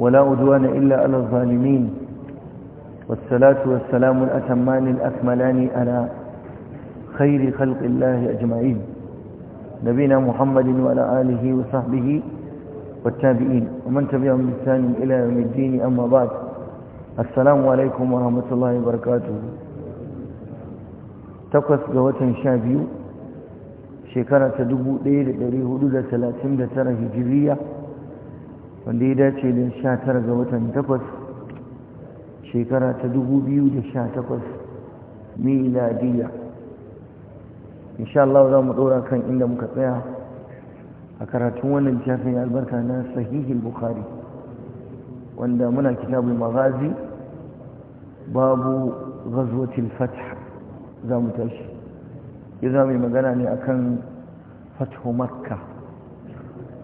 ولا أدوان إلا على الظالمين والصلاة والسلام الأتمان الأكملان على خير خلق الله أجمعين نبينا محمد وعلى آله وصحبه والتابعين ومن تبعهم بإحسان إلى يوم الدين أما بعد السلام عليكم ورحمة الله وبركاته تقص قوة شابيو شكرة دبو ليل لريه لدى ثلاثين هجرية wanda ya dace da tara ga watan takwas shekara ta takwas miladiya insha Allah za mu dora kan inda muka tsaya a karatun wannan littafin albarka na sahihin bukhari wanda muna kitabul maghazi babu ghazwatil fath za mu tashi ya za mu yi magana ne akan fathu makka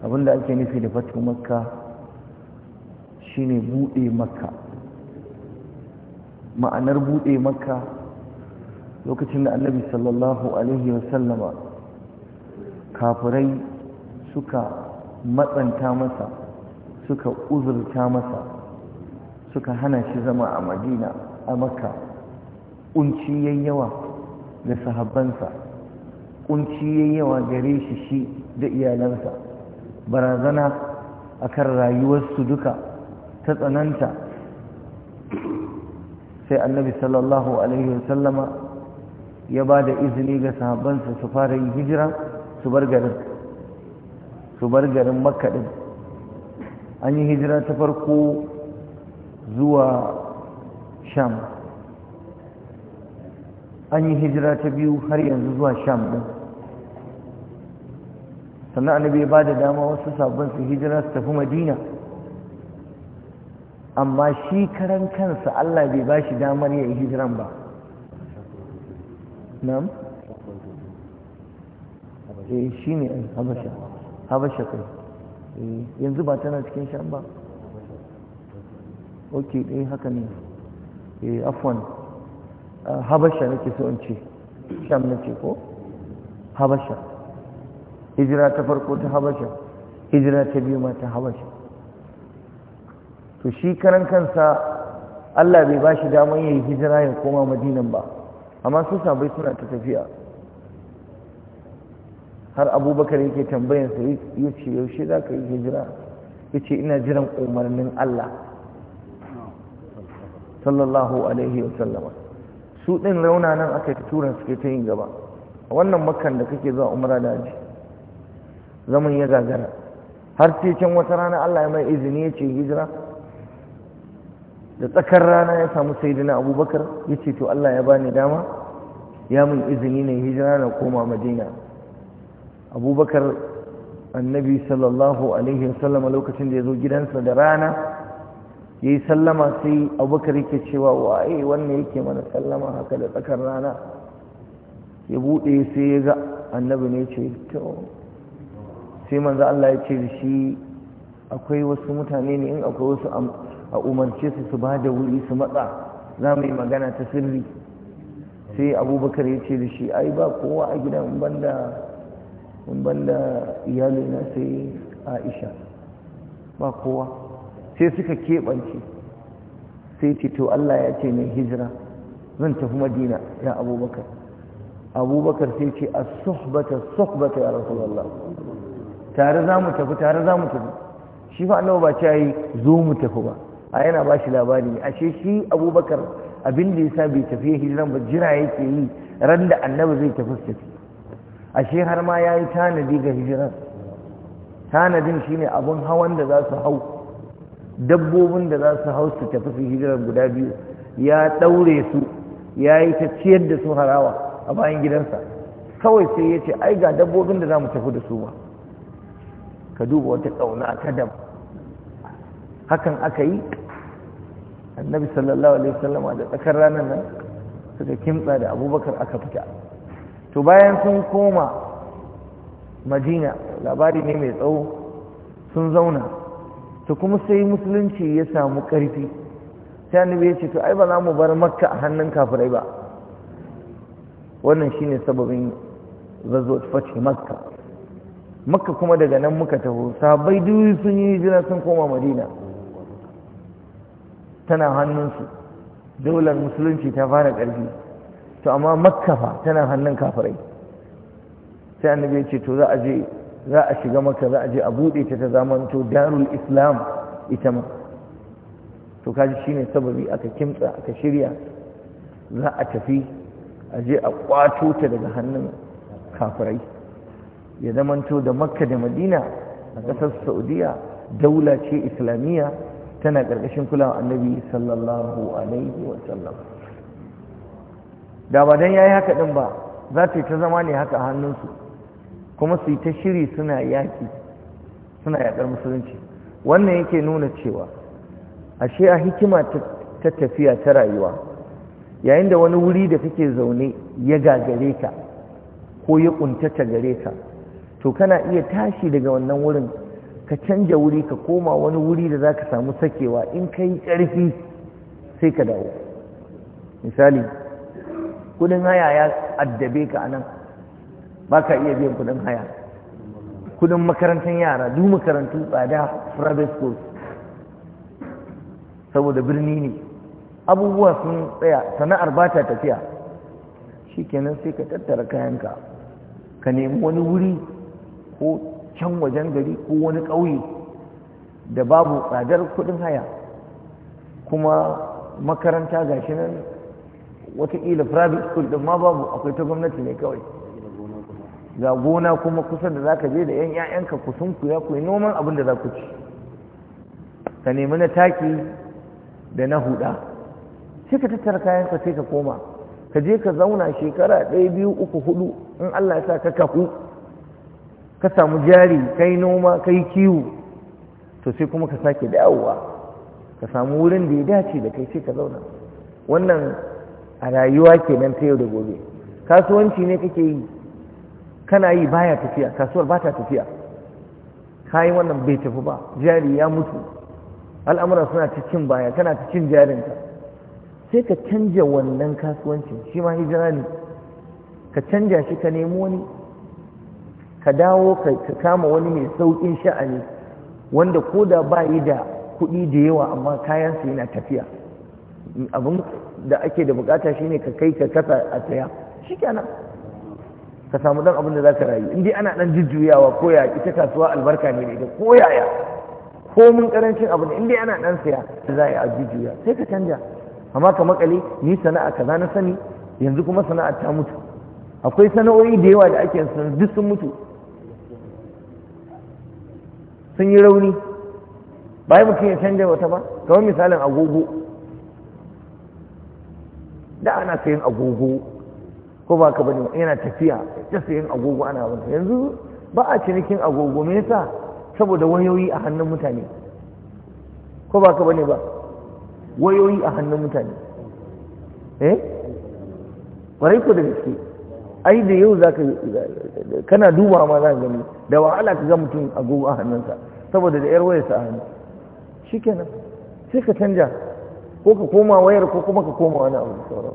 abinda ake nufi da fathu makka shine buɗe maka, ma'anar buɗe makka lokacin da annabi sallallahu alaihi wasallama kafirai suka matsanta masa suka uzurta masa suka hana shi zama a madina a makka ƙunci yayyawa ga sahabbansa ƙunci yayyawa gare shi shi da iyalansa barazana akan rayuwarsu duka ta tsananta sai annabi sallallahu alaihi wasallama ya ba da izini ga sahabbansa su fara yin hijira su bar garin su bar garin makka din an yi hijira ta farko zuwa sham an yi hijira ta biyu har yanzu zuwa sham din sannan annabi ya ba da dama wasu sabbin su hijira su tafi madina amma shi karan kansa Allah bai ba shi damar ya yi hijiran ba nam? eh shi ne habasha habasha kai eh, yanzu ba tana cikin shan ba ok dai eh, haka ne eh afwan ah, habasha nake so in ce sham nake ko habasha hijira ta farko ta habasha hijira ta biyu ma ta habasha to shi karan kansa Allah bai ba shi damar yin hijira ya koma madinan ba amma su sabai suna ta tafiya har abubakar yake tambayan sa ya ce yaushe za ka yi hijira ya ce ina jiran umarnin Allah sallallahu alaihi wa sallama. su ɗin nan aka yi turan suke ta yin gaba A wannan makan da kake zuwa umara da aji zaman ya gagara har ce can wata rana Allah ya mai izini ya ce hijira da tsakar rana ya samu saidina abubakar ya ce to Allah ya bani dama ya mun izini ne hijira na koma madina abubakar annabi sallallahu alaihi wasallam lokacin da ya zo gidansa da rana ya yi sallama sai abubakar yake cewa waye wannan yake mana sallama haka da tsakar rana ya buɗe sai ya ga annabi ne ce to sai manzo Allah ya ce da shi akwai wasu mutane ne in akwai wasu a umarce su su ba da wuri su matsa za mu yi magana ta sirri sai abubakar ya ce da shi ai ba kowa a gidan banda banda na sai aisha ba kowa sai suka keɓance sai ce to allah ya ce mai hijira zan tafi madina ya abubakar abubakar sai ce a suhbata suhbata ya rasulallah tare za mu tafi tare za mu tafi shi fa annabi ba ce yi zo mu tafi ba a yana ba shi labari ashe shi abubakar abin da sa bai tafi hijiran ba jira yake yi ran da annabi zai tafi su tafi ashe har ma ya yi tanadi ga hijiran tanadin shi ne abin hawan da za su hau dabbobin da za su hau su tafi su hijiran guda biyu ya ɗaure su ya yi ta ciyar da su harawa a bayan gidansa kawai sai ya ce ai ga dabbobin da za mu tafi da su ba ka duba wata ƙauna ta dam hakan aka yi annabi sallallahu alaihi wasallama da tsakar ranar nan suka kimtsa da abubakar aka fita to bayan sun koma madina labari ne mai tsawo sun zauna to kuma sai musulunci ya samu ƙarfi sai annabi ya ce to ai ba za mu bar makka a hannun kafirai ba wannan shine sababin zazzot fashe makka makka kuma daga nan muka taho sahabbai duk sun yi hijira sun koma madina tana hannunsu daular musulunci ta fara ƙarfi to amma makkafa tana hannun kafirai sai annabi ya ce to za a je za a shiga Makka za a je a buɗe ta ta zamanto darul islam ita ma to kaji shine sababi aka kimtsa aka shirya za a tafi a je a kwato ta daga hannun kafirai ya zamanto da makka da madina a ƙasar saudiya daula ce islamiyya tana ƙarƙashin kulawa annabi sallallahu alaihi wasallam da ba don ya yi haka ɗin ba za ta yi ta zama ne haka hannunsu kuma su yi ta shiri suna yaƙi suna yaƙar musulunci wannan yake nuna cewa ashe a hikima ta tafiya ta rayuwa yayin da wani wuri da kake zaune ya gagare ka ko ya ƙuntata gare ka to kana iya tashi daga wannan wurin ka canja wuri ka koma wani wuri da za ka samu sakewa in ka yi ƙarfi sai ka dawo misali kudin haya ya addabe ka anan ba ka iya biyan kudin haya kudin makarantar yara duk makarantu tsada private schools saboda birni ne abubuwa sun tsaya sana'ar ba ta tafiya shi kenan sai ka tattara kayanka ka nemi wani wuri ko can wajen gari ko wani ƙauye da babu tsadar kuɗin haya kuma makaranta ga shi nan watakila private school ɗin ma babu akwai ta gwamnati ne kawai ga gona kuma kusa da zaka je da yan yayanka ku sun ku ya noman abin da za ku ci ka nemi na taki da na huda sai ka tattara kayan sai ka koma ka je ka zauna shekara ɗaya biyu uku hudu in Allah ya sa ka kahu ka samu jari ka yi noma yi kiwo to sai kuma ka sake dawowa ka samu wurin da ya dace da kai sai ka zauna wannan a rayuwa kenan ta yau da gobe kasuwanci ne kake yi kana yi baya tafiya kasuwar ba ta tafiya ka yi wannan bai tafi ba jari ya mutu al'amura suna cikin cin baya kana ta jarinka sai ka canja wannan kasuwancin shi ma hijira ne ka canja shi ka nemi wani ka dawo ka kama wani mai sauƙin sha'ani wanda ko da ba yi da kuɗi da yawa amma kayansa yana tafiya abin da ake da bukata shine ka kai ka kasa a tsaya shi ka samu dan abin da za ka rayu in dai ana dan jujjuyawa ko ya ita kasuwa albarka ne da ita ko yaya ko mun karancin abu in dai ana dan saya za a jujjuya sai ka canja amma ka makale ni sana'a kaza na sani yanzu kuma sana'a ta mutu akwai sana'o'i da yawa da ake sun duk sun mutu sun yi rauni ba mutum ya canja wata ba kawai misalin agogo da ana sayan agogo ko ba ka bane yana tafiya ta sayan agogo ana wata yanzu ba a cinikin agogo me yasa saboda wayoyi a hannun mutane ko ba ka bane ba wayoyi a hannun mutane eh ƙwarai ko da gaske ai da yau ka kana duba ma za gani da wahala ka ga mutum agogo a hannunsa saboda da yar wayarsa a hannu kenan sai ka canja ko ka koma wayar ko kuma ka koma wani abu sauran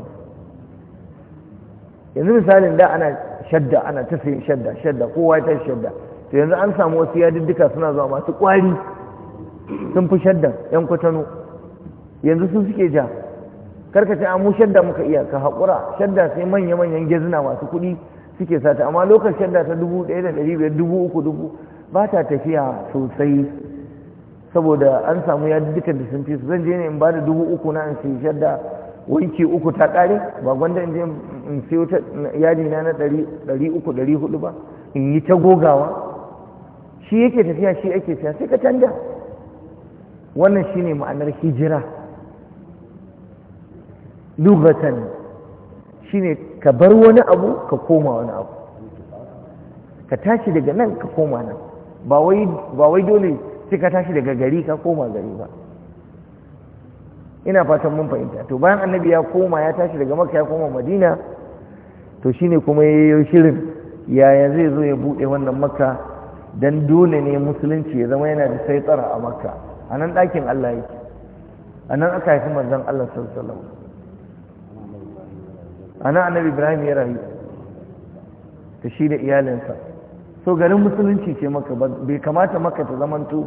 yanzu misalin da ana shadda ana ta sayin shadda shadda kowa ta shadda to yanzu an samu wasu yadiddika suna zuwa masu kwari sun fi shaddan yan kwatano yanzu sun suke ja karka ce amu shadda muka iya ka haƙura shadda sai manya-manyan gezina masu kuɗi suke sata amma lokacin shadda ta dubu ɗaya da ɗari biyar dubu uku dubu ba ta tafiya sosai saboda an samu ya dukkan da sun fi su zan je ne in ba da dubu uku na in sai shadda wanki uku ta ƙare ba gwanda in je in sayo ta yadi na na ɗari uku ɗari hudu ba in yi ta gogawa shi yake tafiya shi ake siya sai ka canja wannan shine ma'anar hijira shi shine ka bar wani abu ka koma wani abu ka tashi daga nan ka koma nan ba wai dole sai ka tashi daga gari ka koma gari ba ina fatan mun fahimta to bayan annabi ya koma ya tashi daga maka ya koma madina to shine kuma ya yi shirin yaya zai zo ya buɗe wannan maka don dole ne musulunci ya zama yana da sai tsara a maka a nan ɗakin allah yake a nan aka haifi manzon allah sallallahu alaihi wasallam ana annabi ibrahim ya rayu da shi da iyalinsa so garin musulunci ce maka bai kamata maka ta zamanto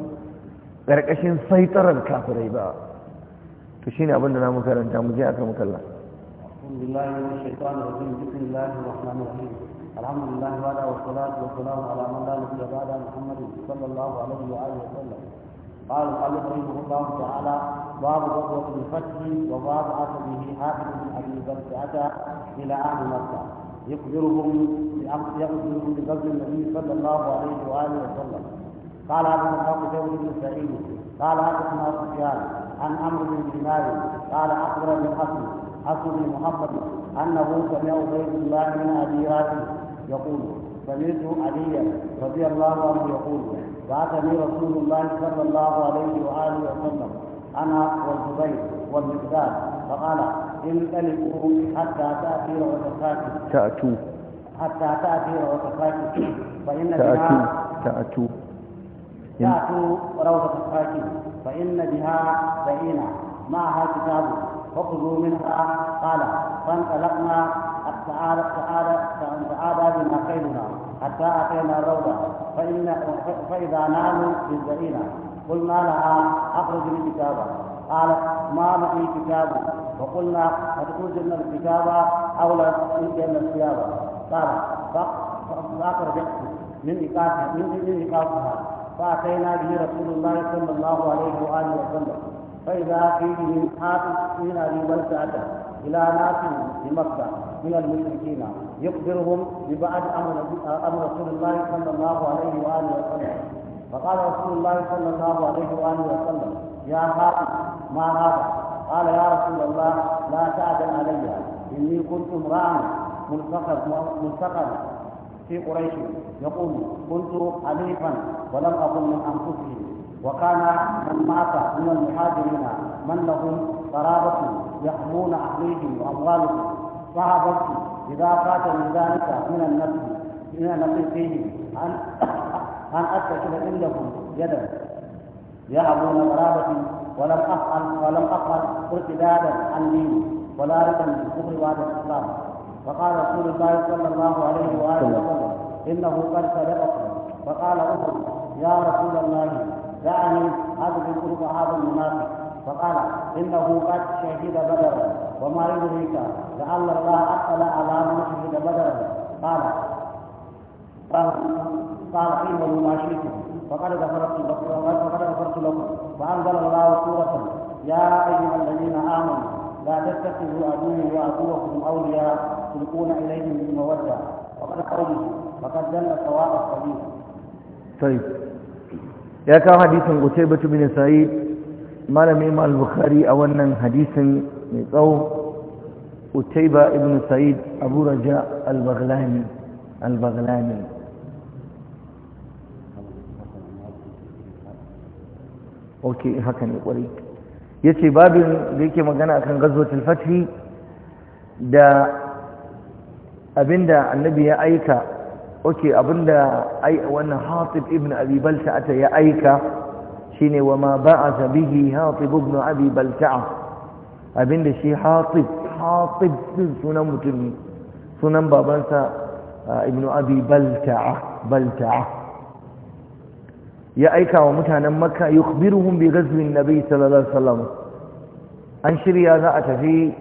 ƙarƙashin saitarar kafirai ba to shine abin da na makaranta mu je aka mukalla alhamdulillah wa shaitan rajim bismillahir rahmanir rahim alhamdulillah wa la wassalatu wassalamu ala man la nabiyya ba'da muhammadin sallallahu alaihi wa alihi wa sallam قال المؤلف رحمه الله تعالى باب غزوة الفتح وباب به حافظ بن أبي أتى إلى أهل مكة يخبرهم يخبرهم بغزو النبي صلى الله عليه وآله وسلم قال هذا أبو جو بن سعيد قال هذا حدثنا سفيان عن عمرو بن دينار قال أخبر بن حسن حسن بن محمد أنه سمع عبيد الله من أبي يقول سمعت عليا رضي الله عنه يقول بعثني رسول الله صلى الله عليه وآله وسلم أنا والزبير والمقداد فقال انطلقوا حتى تأتي رؤوسكم تأتوا حتى تأتي رؤوسكم فإن بها تأتوا تأتوا روضة الساكن فإن بها بعينا معها كتاب فخذوا منها قال فانطلقنا تعالى تعالى تعالى بما خيرنا حتى أتينا الروضة فإن فإذا ناموا في الزئينة قلنا لها أخرج لي كتابا قالت ما معي كتاب وقلنا أتخرجن الكتاب أو لا تلقين الثياب قال فأخرجت من إيقافها من من إيقافها فأتينا به رسول الله صلى الله عليه وآله وسلم فإذا فيه من حافظ من أبي بلتعته إلى ناس بمكة من المشركين يخبرهم ببعد أمر أمر رسول الله صلى الله عليه وآله وسلم فقال رسول الله صلى الله عليه وآله وسلم يا خاطب ما هذا؟ قال يا رسول الله لا تعدل علي إني كنت امرأ ملتقى ملتقر في قريش يقول كنت حليفا ولم أكن من أنفسهم وكان من مات من المهاجرين من لهم قرابة يحمون أهليهم وأموالهم صحابتهم إذا فات من ذلك من النفس من النفس فيهم أن أن أتكل عندهم يدا يعبون قرابتي ولم أفعل ولم أفعل ارتدادا عن ديني ولا ردا بالكفر بعد الإسلام فقال رسول الله صلى الله عليه وآله وسلم إنه قد صدقكم فقال أخر يا رسول الله يعني هذا بيقول هذا المنافق فقال انه قد شهد بدرا وما يدريك لعل الله اطلع على من شهد بدرا قال قال قيل ما شئتم فقد غفرت لكم فقد غفرت لكم فانزل الله سوره يا ايها الذين امنوا لا تتخذوا أدوني وأدوكم اولياء تلقون اليهم بالموده وقد قوله فقد دل سواء السبيل طيب ya kawo hadisin batu bin Sa'id malamin Imam Bukhari a wannan hadisin mai tsawo utaiba ibn Sa'id Abu Raja al-Baghlani al-Baghlani okay haka ne kwarai yace babin da yake magana akan ghazwatul fathi da abinda annabi ya aika أوكي أبن أي وأن حاطب ابن أبي بلتعة يا أيكا شيني وما بعث به حاطب ابن أبي بلتعة أبن شي حاطب حاطب سنم سنم بابنسا آه، ابن أبي بلتعة بلتعة يا أيك ومتعنا مكة يخبرهم بغزو النبي صلى الله عليه وسلم أنشر يا ذات في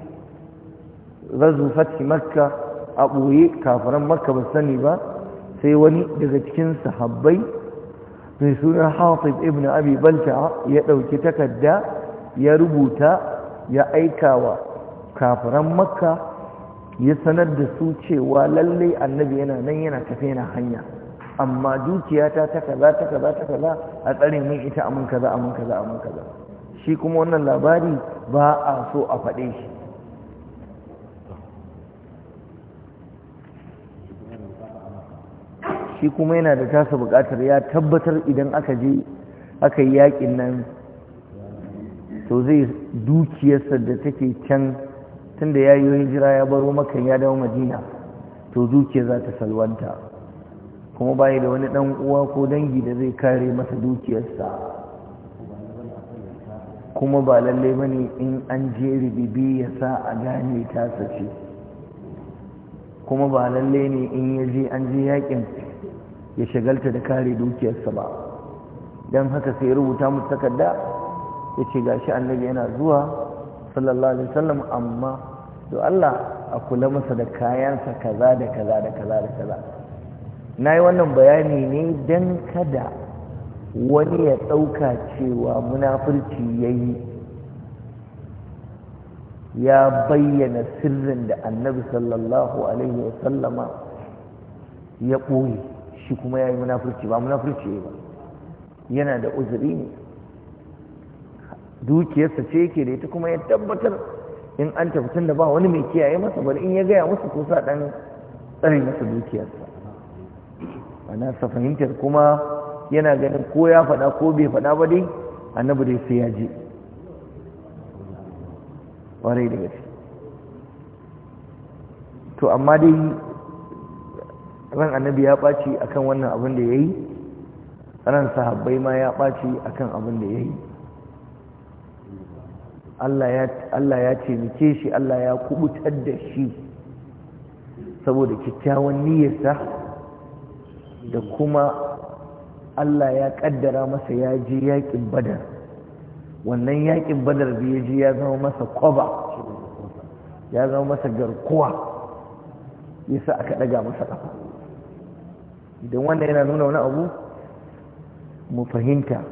غزو فتح مكة أبوي كافران مكة بالسنبة sai wani daga cikin sahabbai mai suna hatib ibn abi balta ya ɗauki takarda ya rubuta ya aika wa kafiran makka ya sanar da su cewa lallai annabi yana nan yana tafe yana hanya amma dukiyata ta kaza ta kaza ta kaza a tsare min ita amin kaza amin kaza amin kaza shi kuma wannan labari ba a so a faɗe shi shi kuma yana da tasa buƙatar ya tabbatar idan aka je aka yi yaƙin nan to zai dukiyarsa da take can tanda ya yi hijira ya baro maka ya dawo madina to dukiyar za ta salwanta kuma bayi da wani dan uwa ko dangi da zai kare masa dukiyarsa kuma ba lalle in an je ribibi ya sa a gane tasa ce kuma ba lalle ne in ya je an je yakin ya shagalta da kare dukiyarsa ba don haka sai rubuta musu takarda ya ce gashi annabi yana zuwa sallallahu alaihi wasallam amma to Allah a kula masa da kayansa kaza da kaza da kaza da kaza na yi wannan bayani ne don kada wani ya ɗauka cewa munafurci ya yi ya bayyana sirrin da annabi sallallahu alaihi wasallama ya ɓoye shi kuma ya yi munafurci ba munafurci ba yana da uzuri ne dukiyarsa ce yake da ita kuma ya tabbatar in an tafi da ba wani mai kiyaye masa bari in ya gaya masa ko sa dan tsare masa dukiyarsa ana sa fahimtar kuma yana ganin ko ya faɗa ko bai faɗa ba dai annabi dai sai ya je ƙwarai da gaske to amma dai ran annabi ya ɓaci akan wannan abin da ya yi ran sahabbai ma ya ɓaci akan abin da ya yi Allah ya taimake shi Allah ya kubutar da shi saboda kyakkyawan niyyarsa da kuma Allah ya ƙaddara masa ya ji yaƙin badar wannan yaƙin badar da ya ji ya zama masa kwaba ya zama masa garkuwa yasa aka ɗaga masa ƙafa idan wannan yana nuna wani abu mu fahimta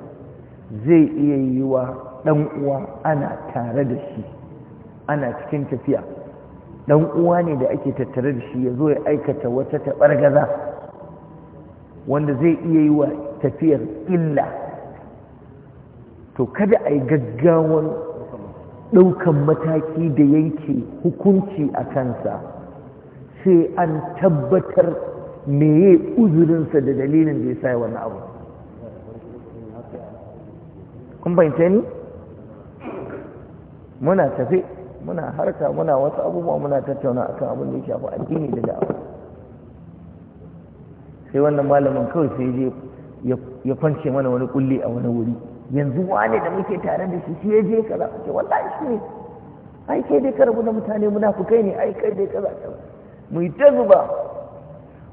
zai iya yi wa ɗan uwa ana tare da shi ana cikin tafiya ɗan uwa ne da ake tattare da shi ya zo ya aikata wata taɓar gaza. wanda zai iya yi wa tafiyar illa to kada a yi gaggawar ɗaukan mataki da yanke hukunci a kansa sai an tabbatar meye uzurinsa da dalilin da ya sa wani abu kun bayyance ni muna tafe muna harka muna wasu abubuwa muna tattauna akan abin da ya shafi addini da da'awa sai wannan malamin kawai sai je ya kwance mana wani kulle a wani wuri yanzu wane da muke tare da shi shi ya je kaza ce wallahi shi ne ai kai dai ka rabu da mutane fukai ne ai kai dai kaza ka mu yi ta zuba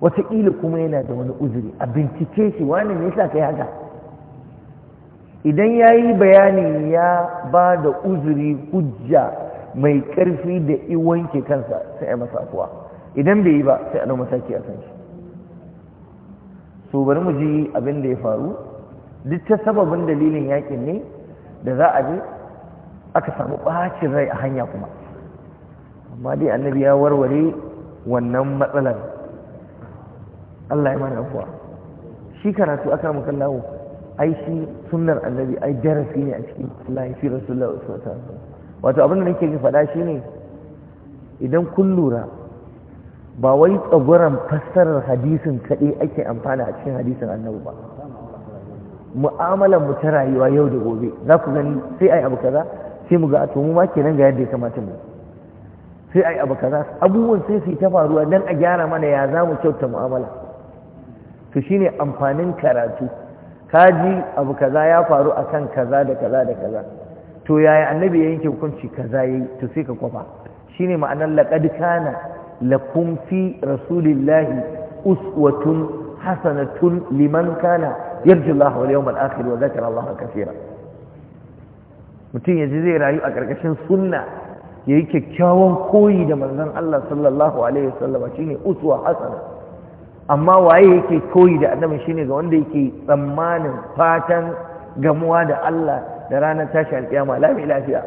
wataƙila kuma yana da wani uzuri a bincike shi wani ne sa kai haka idan ya yi bayani ya ba da uzuri hujja mai ƙarfi da iwanke kansa sai a masa kuwa idan bai yi ba sai a nan mataki a kan shi so bari mu ji abin da ya faru duk ta sababin dalilin yakin ne da za a je aka samu ɓacin rai a hanya kuma amma dai annabi ya warware wannan matsalar Allah ya mana afuwa shi karatu aka muka lawo ai shi sunnar annabi ai darasi ne a cikin Allah shi rasulullah sallallahu alaihi wato abin da nake faɗa shine idan kun lura ba wai tsagoran fassarar hadisin kaɗai ake amfana a cikin hadisin annabi ba mu'amalar mu ta rayuwa yau da gobe za ku gani sai ai abu kaza sai mu ga to mu ma kenan ga yadda ya kamata mu sai ai abu kaza abubuwan sai su ta faruwa dan a gyara mana ya za mu kyauta mu'amala to shine amfanin karatu kaji abu kaza ya faru akan kaza da kaza da kaza to yaya annabi ya yanke hukunci kaza yayi to sai ka kwafa shine ma'anar laqad kana lakum fi rasulillahi uswatun hasanatun liman kana yarju Allah wal yawmal akhir wa dhakara Allah kaseera mutum yaji zai rayu a ƙarƙashin sunna yayi kyakkyawan koyi da manzon Allah sallallahu alaihi wasallam shine uswa hasana amma waye yake koyi da annabi shine ga wanda yake tsammanin fatan gamuwa da Allah da ranar tashi alƙiyama lami lafiya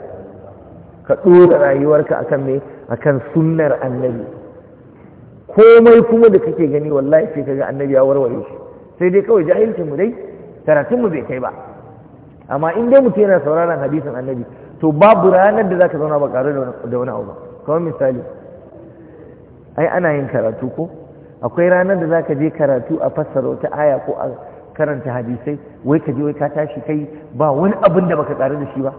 ka ɗora rayuwarka akan me akan sunnar annabi komai kuma da kake gani wallahi sai kaga annabi ya warware shi sai dai kawai jahilcin mu dai karatun mu bai kai ba amma in dai mutum yana sauraron hadisin annabi to babu ranar da zaka zauna ba ƙaru da wani abu ba kamar misali ai ana yin karatu ko akwai ranar da za ka je karatu a fassara wata aya ko a karanta hadisai wai ka je wai ka tashi kai ba wani abin da baka tsari da shi ba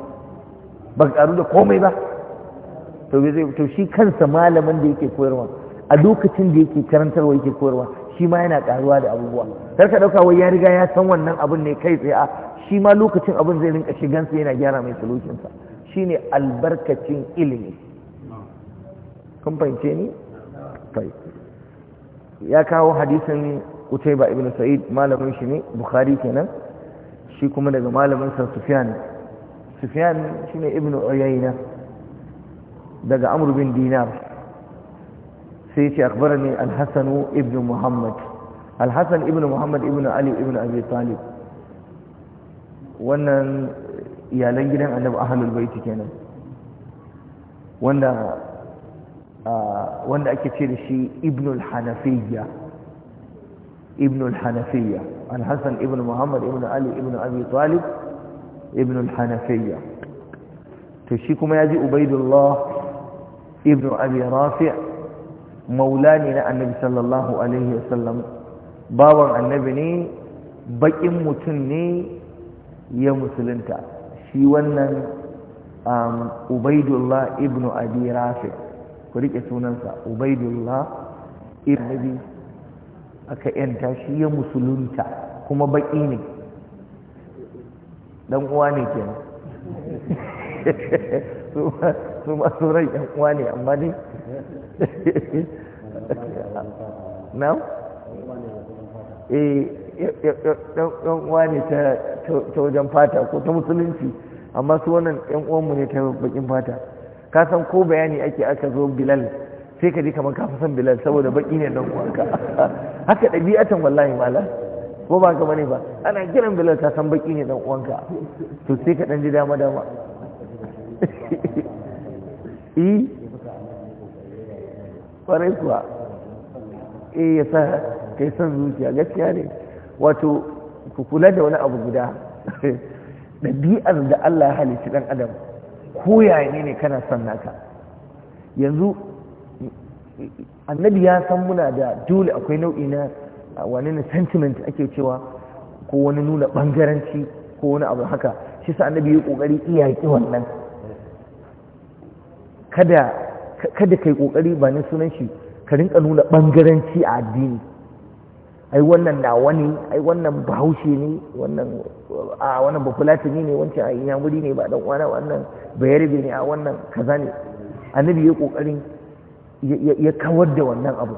baka tsaru da komai ba to zai to shi kansa malamin da yake koyarwa a lokacin da yake karantarwa yake koyarwa shi ma yana karuwa da abubuwa kar ka dauka wai ya riga ya san wannan abin ne kai tsaye a shi ma lokacin abin zai rinka shigansa yana gyara mai solution sa shine albarkacin ilimi kun fahimce ni kai ya kawo hadisin Utaiba ibn Sa'id malamin shi ne Bukhari kenan shi kuma daga malamin sa Sufyan Sufyan shine ibn Uyayna daga Amr bin Dinar sai ce akhbarani al-Hasan ibn Muhammad al-Hasan ibn Muhammad ibn Ali ibn Abi Talib wannan iyalan gidan Annabi Ahlul Bait kenan wanda wanda ake ce da shi ibnul hanafiya ibnul hanafiya al-hasan ibn muhammad ibn ali ibn abi talib ibnul hanafiya to shi kuma ya ji ubaidullah ibn abi rafi' maula na annabi sallallahu alaihi wasallam bawan annabi ne bakin mutum ne ya musulunta shi wannan ubaidullah ibn abi rafi' ku riƙe sunansa ubaidullah irnabi aka yanta shi ya musulunta kuma baƙi ne ɗan uwa ne kenan su ma rai ɗan uwa ne amma ne na? ɗan uwa ne ta wajen fata ko ta musulunci amma su wannan ɗan uwanmu ne ta baƙin fata ka san ko bayani ake aka zo bilal sai ka ji kamar ka san bilal saboda baki ne don kwanka haka ɗabi'atan wallahi mala ko ba ka bane ba ana kiran bilal ka san baki ne dan uwanka to sai ka dan ji dama dama E eh? kwarai kuwa eh ya sa kai san zuciya gaskiya ne wato ku kula da wani abu guda ɗabi'ar da Allah ya halicci dan adam Koyaye yaya ne kana son naka yanzu annabi ya san muna da dole akwai nau'i na wani na sentiment ake cewa ko wani nuna bangaranci ko wani abu haka shi sa annabi ya kokari yaki wannan kada kai kokari ba ne sunan shi ka rinka nuna bangaranci a addini ai wannan na wani ai wannan bahaushe ne wannan a wannan bafulatani ne wancan a ina wuri ne ba dan wani wannan bayarbe ne a wannan kaza ne annabi ya kokarin ya kawar da wannan abu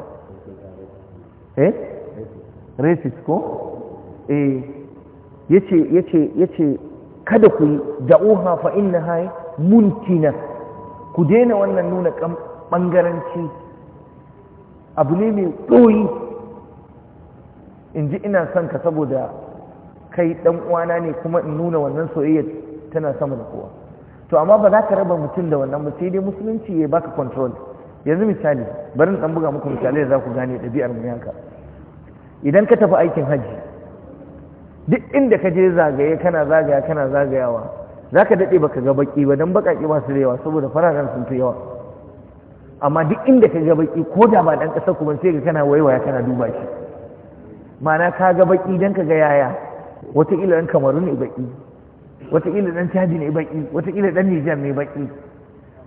eh racist ko eh yace yace yace kada ku yi da'uha fa innaha muntina ku daina wannan nuna bangaranci abu ne mai doyi in ji ina son ka saboda kai dan uwana ne kuma in nuna wannan soyayya tana sama da kowa to amma ba za ka raba mutum da wannan ba sai dai musulunci ya baka control yanzu misali bari in dan buga muku misali da za ku gane ɗabi'ar mu yanka idan ka tafi aikin hajji, duk inda ka je zagaye kana zagaya kana zagayawa za ka daɗe baka ga baki ba don baƙaƙe masu da yawa saboda fararen sun fi yawa amma duk inda ka ga baki ko da ba ɗan ƙasar kuma sai ga kana waiwaya kana duba shi ma'ana ka ga baki don ka ga yaya wataƙila ɗan kamaru ne baki wataƙila ɗan caji ne baƙi wataƙila ɗan nijar ne baƙi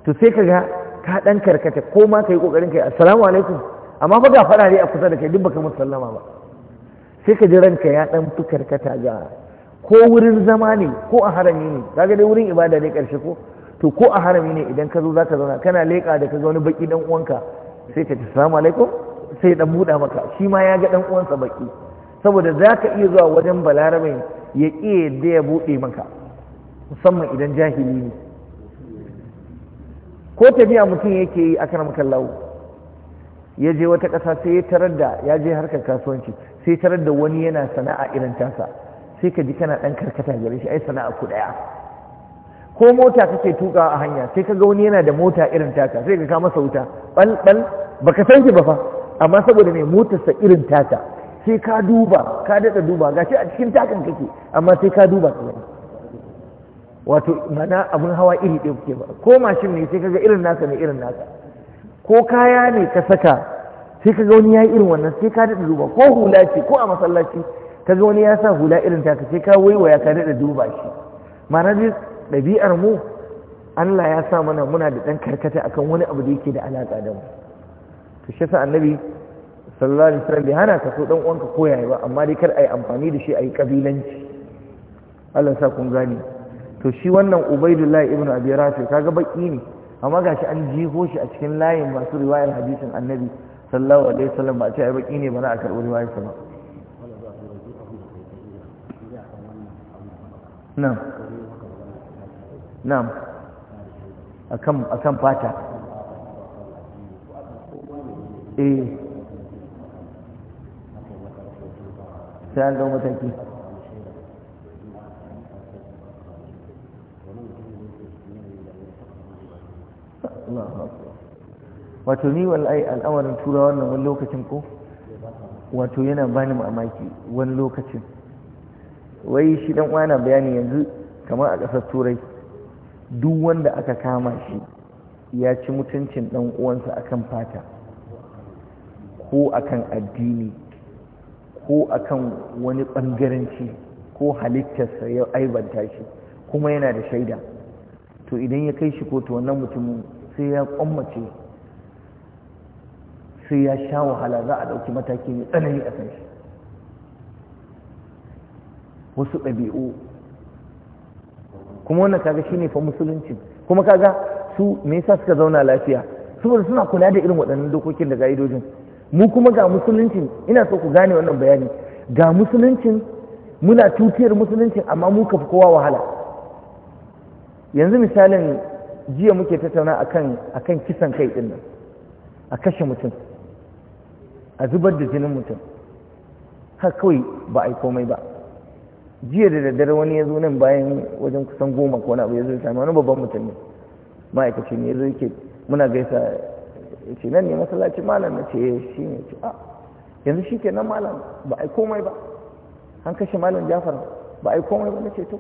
to sai ka ga ka ɗan karkata ko ma ka yi ƙoƙarin ka yi assalamu alaikum amma fa ga ne a kusa da kai duk baka musu ba sai ka ji ranka ya ɗan fi karkata ga ko wurin zama ne ko a harami ne ka dai wurin ibada ne ƙarshe ko to ko a harami ne idan ka zo za ka zauna kana leƙa da ka ga wani baƙi ɗan uwanka sai ka ce assalamu alaikum sai ɗan buɗa maka shi ma ya ga ɗan uwansa baƙi saboda za ka iya zuwa wajen balarabe ya iya yadda ya buɗe maka musamman idan jahili ne ko tafiya mutum yake yi akan makallahu ya je wata ƙasa sai ya tarar da ya je harkar kasuwanci sai tarar da wani yana sana'a irin tasa sai ka ji kana ɗan karkata gare shi ai sana'a ku ɗaya ko mota kake tuka a hanya sai ka ga wani yana da mota irin taka sai ka ka masa wuta ɓal ba ka san shi ba fa amma saboda mai motarsa irin taka sai ka duba ka daɗa duba gashi a cikin takan kake amma sai ka duba ka gani wato mana abin hawa iri ɗaya kuke ba ko mashin ne sai kaga irin nasa ne irin nasa ko kaya ne ka saka sai kaga wani ya yi irin wannan sai ka daɗa duba ko hula ce ko a masallaci kaga wani ya sa hula irin taka sai ka waiwaya ka daɗa duba shi ma'ana dai ɗabi'ar mu Allah ya sa mana muna da ɗan karkata akan wani abu da yake da alaƙa da mu to shi yasa annabi sallallahu alaihi wasallam bai hana ka so dan uwanka koyaye ba amma dai kar ai amfani da shi ai kabilanci Allah sa kun gani to shi wannan ubaidullah ibnu abi rafi kaga baki ne amma gashi an jiho shi a cikin layin masu riwayar hadisin annabi sallallahu alaihi wasallam ba a ce ai baki ne ba na a karɓi riwayar sa ba na'am na'am akan akan fata eh sai an ga mataki wato ni wallahi al'amarin tura wannan wani lokacin ko wato yana bani mamaki wani lokacin wai shi dan uwana bayani yanzu kamar a ƙasar turai duk wanda aka kama shi ya ci mutuncin dan uwansa akan fata ko akan addini ko akan wani bangaranci ko halittarsa ya aibanta shi kuma yana da shaida to idan ya kai shi kotu wannan mutumin sai ya kwammace sai ya sha wahala za a ɗauki mataki mai tsanani a kan shi wasu ɗabi'u kuma wannan kaga shi ne fa musulunci kuma kaga su me yasa suka zauna lafiya saboda suna kula da irin waɗannan dokokin da ga'idojin mu kuma ga musuluncin ina so ku gane wannan bayani ga musuluncin muna tutiyar musulunci amma mu fi kowa wahala yanzu misalin jiya muke tattauna akan akan kisan kai din nan a kashe mutum a zubar da jinin mutum har kawai ba a yi komai ba jiya da daddare wani ya zo nan bayan wajen kusan goma ko wani abu ya zo sami wani babban mutum ne ma'aikaci ne ya zo yake muna gaisa ya ce nan ne masallaci malam na ce eh, shi ne ce a ah, yanzu shi ke nan malam ba a yi komai ba an kashe malam jafar ba a yi komai ba na ce to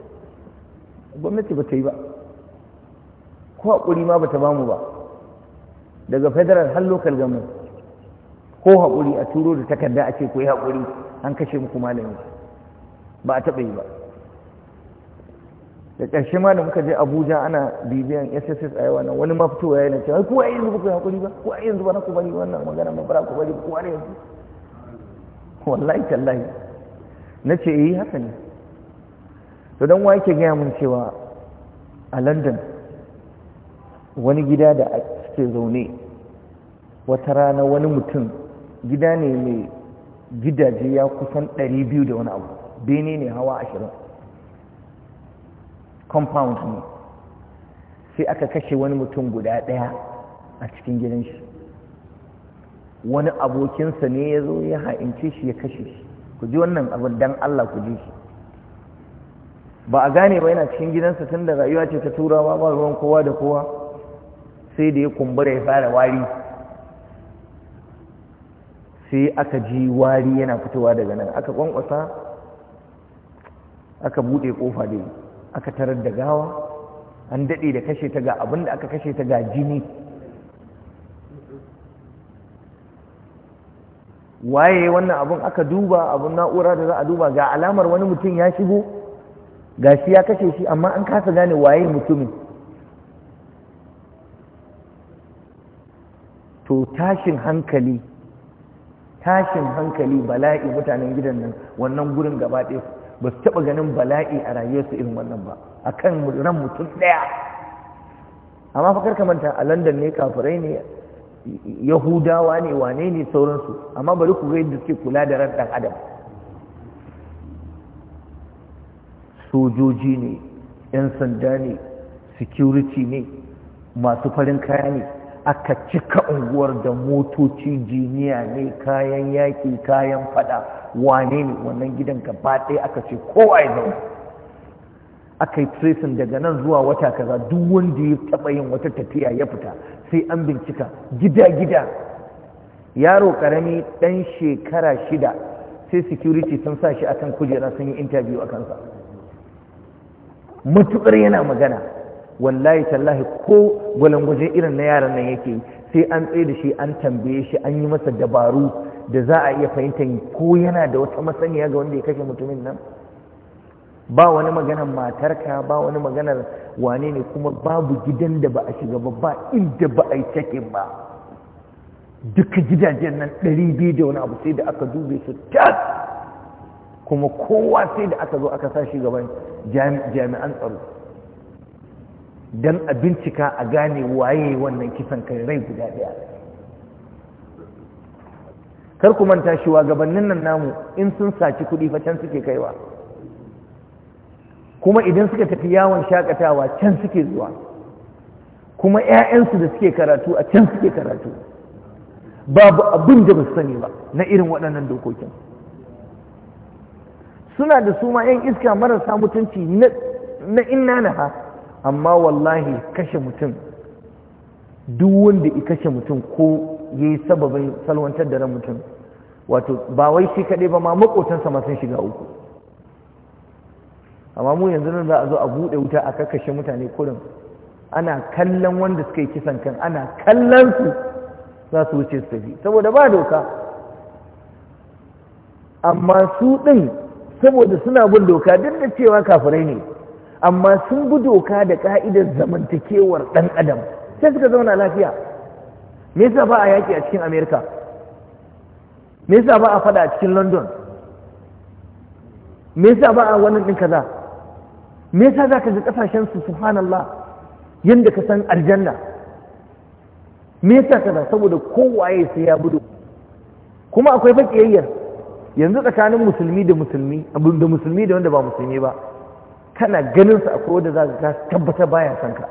gwamnati ba ta yi ba ko haƙuri ma bata bamu ba daga federal har local gamu ko haƙuri a turo da takarda a ce ku yi haƙuri an kashe muku malami ba a taɓa yi ba da ƙarshe ma da muka je abuja ana bibiyan sss a yawa nan wani ma fitowa na cewa ko yanzu ba ku haƙuri ba kowa yanzu ba na ku bari wannan magana ma bara ku bari ko a yanzu wallahi tallahi na ce yi eh, haka ne to don wa yake gaya mun cewa a london wani gida da suke zaune wata rana wani mutum gida ne mai gidaje ya kusan 200 da wani abu bene ne hawa ashirin compound ne sai aka kashe wani mutum guda ɗaya a cikin gidan shi wani abokinsa ne ya zo ya ha'ince shi ya kashe shi ku ji wannan abin don Allah ku ji shi ba a gane ba yana cikin gidansa tun da rayuwa ce ta turawa ba ruwan kowa da kowa sai da ya kumbura ya fara wari sai aka ji wari yana fitowa daga nan aka kwankwasa aka bude kofa dai aka tarar da gawa an daɗe da kashe ta ga abinda aka kashe ta ga jini waye wannan abin aka duba abin na'ura da za a duba ga alamar wani mutum ya shigo ga shi ya kashe shi amma an kasa gane waye mutumin to tashin hankali tashin hankali bala'i mutanen gidan nan wannan gurin gaba ɗaya ba su taɓa ganin bala'i a rayuwarsu irin wannan ba a kan ran mutum ɗaya amma fa karka manta a Landan ne kafirai ne yahudawa ne wane ne sauransu amma bari ku ga yadda suke kula da ran ɗan adam sojoji ne 'yan sanda ne security ne masu farin kaya ne aka cika unguwar da motoci jiniya ne kayan yaƙi kayan fada wane ne wannan gidan gaba ɗaya aka ce kowa ya zauna aka yi tracing daga nan zuwa wata kaza duk wanda ya taɓa yin wata tafiya ya fita sai an bincika gida-gida yaro ƙarami ɗan shekara shida sai security sun sa shi akan kujera sun yi interview a kansa matuƙar yana magana wallahi tallahi ko gwalangwaje irin na yaran nan yake sai an tsaye da shi an tambaye shi an yi masa dabaru da za a iya fahimtar ko yana da wata masaniya ga wanda ya kashe mutumin nan ba wani maganar matarka ba wani maganar wane ne kuma babu gidan da ba a shiga ba ba inda ba a yi cakin ba duka gidajen nan ɗari biyu da wani abu sai da aka dube su tas kuma kowa sai da aka zo aka sa shi gaban jami'an tsaro don a bincika a gane waye wannan kisan kai rai guda daya kar ku manta shi wa gabanin nan namu in sun saci kuɗi fa can suke kaiwa kuma idan suka tafi yawon shakatawa can suke zuwa kuma 'ya'yansu da suke karatu a can suke karatu babu abin da ba sani ba na irin waɗannan dokokin suna da su ma 'yan iska marasa mutunci na inna na ha amma wallahi kashe mutum duk wanda ya kashe mutum ko ya yi sababin salwantar da ran mutum wato ba wai shi kaɗai ba ma makotansa ma sun shiga uku amma mu yanzu nan za a zo a buɗe wuta a kakkashe mutane kurin ana kallon wanda suka yi kisan kan ana kallon su za su wuce su tafi saboda ba doka amma su ɗin saboda suna bin doka duk da cewa kafirai ne amma sun bi doka da ka'idar zamantakewar ɗan adam sai suka zauna lafiya me yasa ba a yaƙi a cikin amerika me yasa ba a faɗa a cikin london me yasa ba a wannan ɗin kaza me yasa za ka ji ƙasashen su subhanallah yadda ka san aljanna me yasa kaza saboda kowaye sai ya budo kuma akwai fa yanzu tsakanin musulmi da musulmi da musulmi da wanda ba musulmi ba tana ganin su akwai wanda za ka tabbatar baya san ka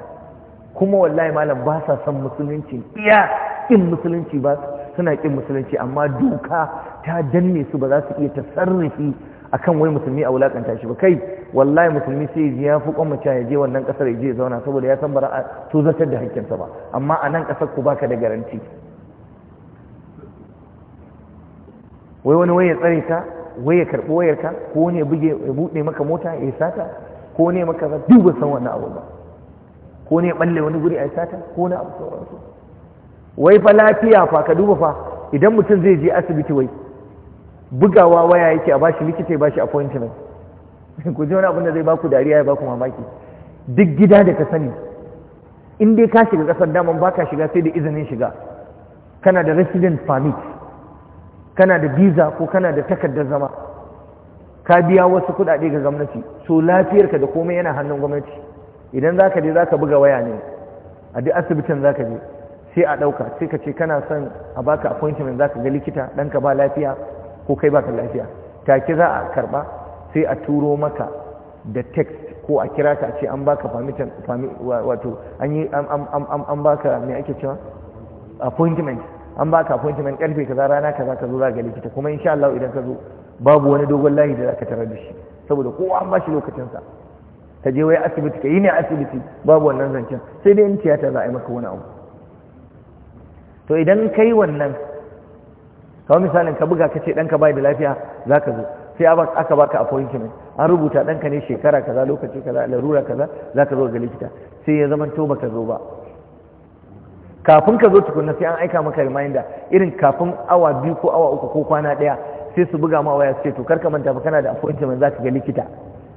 kuma wallahi malam ba sa son musulunci iya kin musulunci ba suna kin musulunci amma duka ta danne su ba za su iya tasarrufi akan wai musulmi a wulakanta shi ba kai wallahi musulmi sai ji ya fi kwamata ya je wannan kasar ya je zauna saboda ya san bara a tozartar da hakkinsa ba amma a nan kasar ku baka da garanti wai wani wai ya tsare ka wai ya karɓi wayarka ko wani ya buɗe maka mota ya sata ko ne maka ba duk san wani abu ba ko ne balle wani guri a sata ko na abu sauransu wai fa lafiya fa ka duba fa idan mutum zai je asibiti wai bugawa waya yake a bashi likita ya bashi appointment ku ji wani abin da zai baku dariya ya baku mamaki duk gida da ka sani in dai ka shiga kasar daman baka shiga sai da izinin shiga kana da resident permit kana da visa ko kana da takardar zama ka biya wasu kuɗaɗe ga gwamnati so lafiyarka da komai yana hannun gwamnati idan za ka je za ka buga waya ne a duk asibitin za ka je sai a ɗauka sai ka ce kana son a baka appointment za ka ga likita ka ba lafiya ko kai baka lafiya take za a karɓa sai a turo maka da text ko a kira ka ce an baka permission wato an yi an baka me ake cewa appointment an baka appointment karfe za, rana ka za ka zo za ga likita kuma insha Allah idan ka zo babu wani dogon layi da za ka tarar da shi saboda kowa an ba shi lokacinsa ka je wai asibiti ka yi ne asibiti babu wannan zancen sai dai in tiyata za a yi maka wani abu to idan ka yi wannan kawai misalin ka buga ka ce ɗanka bai da lafiya za ka zo sai aka ka appointment an rubuta ɗanka ne shekara kaza lokaci kaza larura kaza za ka zo ga likita sai ya zama to ka zo ba kafin ka zo tukunna sai an aika maka reminder irin kafin awa biyu ko awa uku ko kwana ɗaya sai su buga ma waya su ce to kar ka manta ba kana da appointment zaka ga likita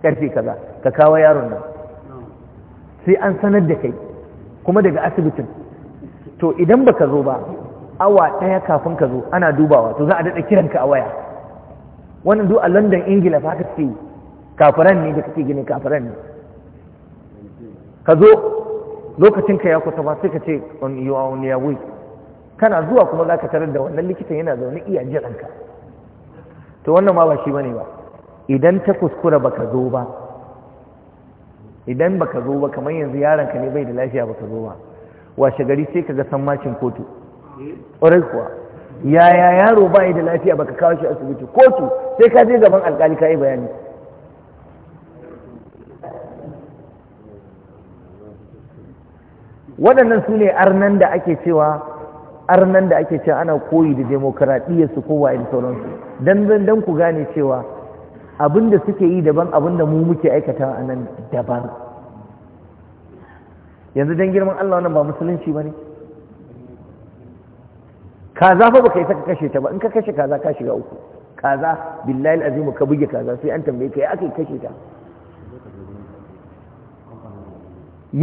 karfe kaza ka kawo yaron nan sai an sanar da kai kuma daga asibitin to idan baka zo ba awa ɗaya kafin ka zo ana dubawa to za a daɗa kiranka a waya wannan duk a london ingila fa ka ce kafiran ne da kake gini kafiran ne ka zo lokacin ka ya kusa ba sai ka ce on your way kana zuwa kuma za ka tarar da wannan likitan yana zaune iya jiranka to wannan ma ba shi bane ba idan ta kuskura baka zo ba idan baka zo ba kamar yanzu yaron ka ne bai da lafiya baka zo ba washe gari sai kaga sammacin kotu ƙwarai kuwa yaya yaro ba da lafiya baka kawo shi asibiti kotu sai ka je gaban alkali ka yi bayani waɗannan su ne arnan da ake cewa arnan da ake cewa ana koyi da demokaradiyyarsu su kowa da sauransu dan dan ku gane cewa abin da suke yi daban abin da mu muke aikata a nan daban yanzu dan girman Allah wannan ba musulunci bane kaza fa baka yi saka kashe ta ba in ka kashe kaza ka shiga uku kaza billahi alazim ka buge kaza sai an tambaye ka ya aka kashe ta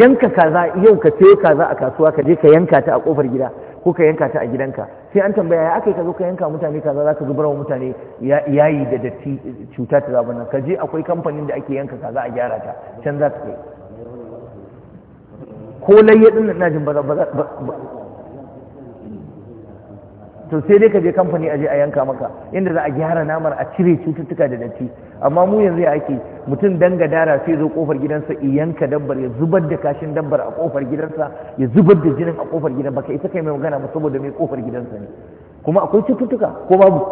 yanka kaza yau ka ce kaza a kasuwa ka je ka yanka ta a kofar gida ko ka yanka ta a gidanka sai an tambaya ya aka yi ka zo ka yanka mutane kaza za ka zubar wa mutane yayi da datti cuta ta zaɓa nan ka je akwai kamfanin da ake yanka kaza a gyara ta can za ka kai ko layya ɗin na jin to sai dai ka je kamfani a je a yanka maka inda za a gyara namar a cire cututtuka da datti amma mu yanzu ya ake mutum dan gadara sai zo kofar gidansa i yanka dabbar ya zubar da kashin dabbar a kofar gidansa ya zubar da jinin a kofar gidan baka ita kai mai magana ba saboda mai kofar gidansa ne kuma akwai cututtuka ko babu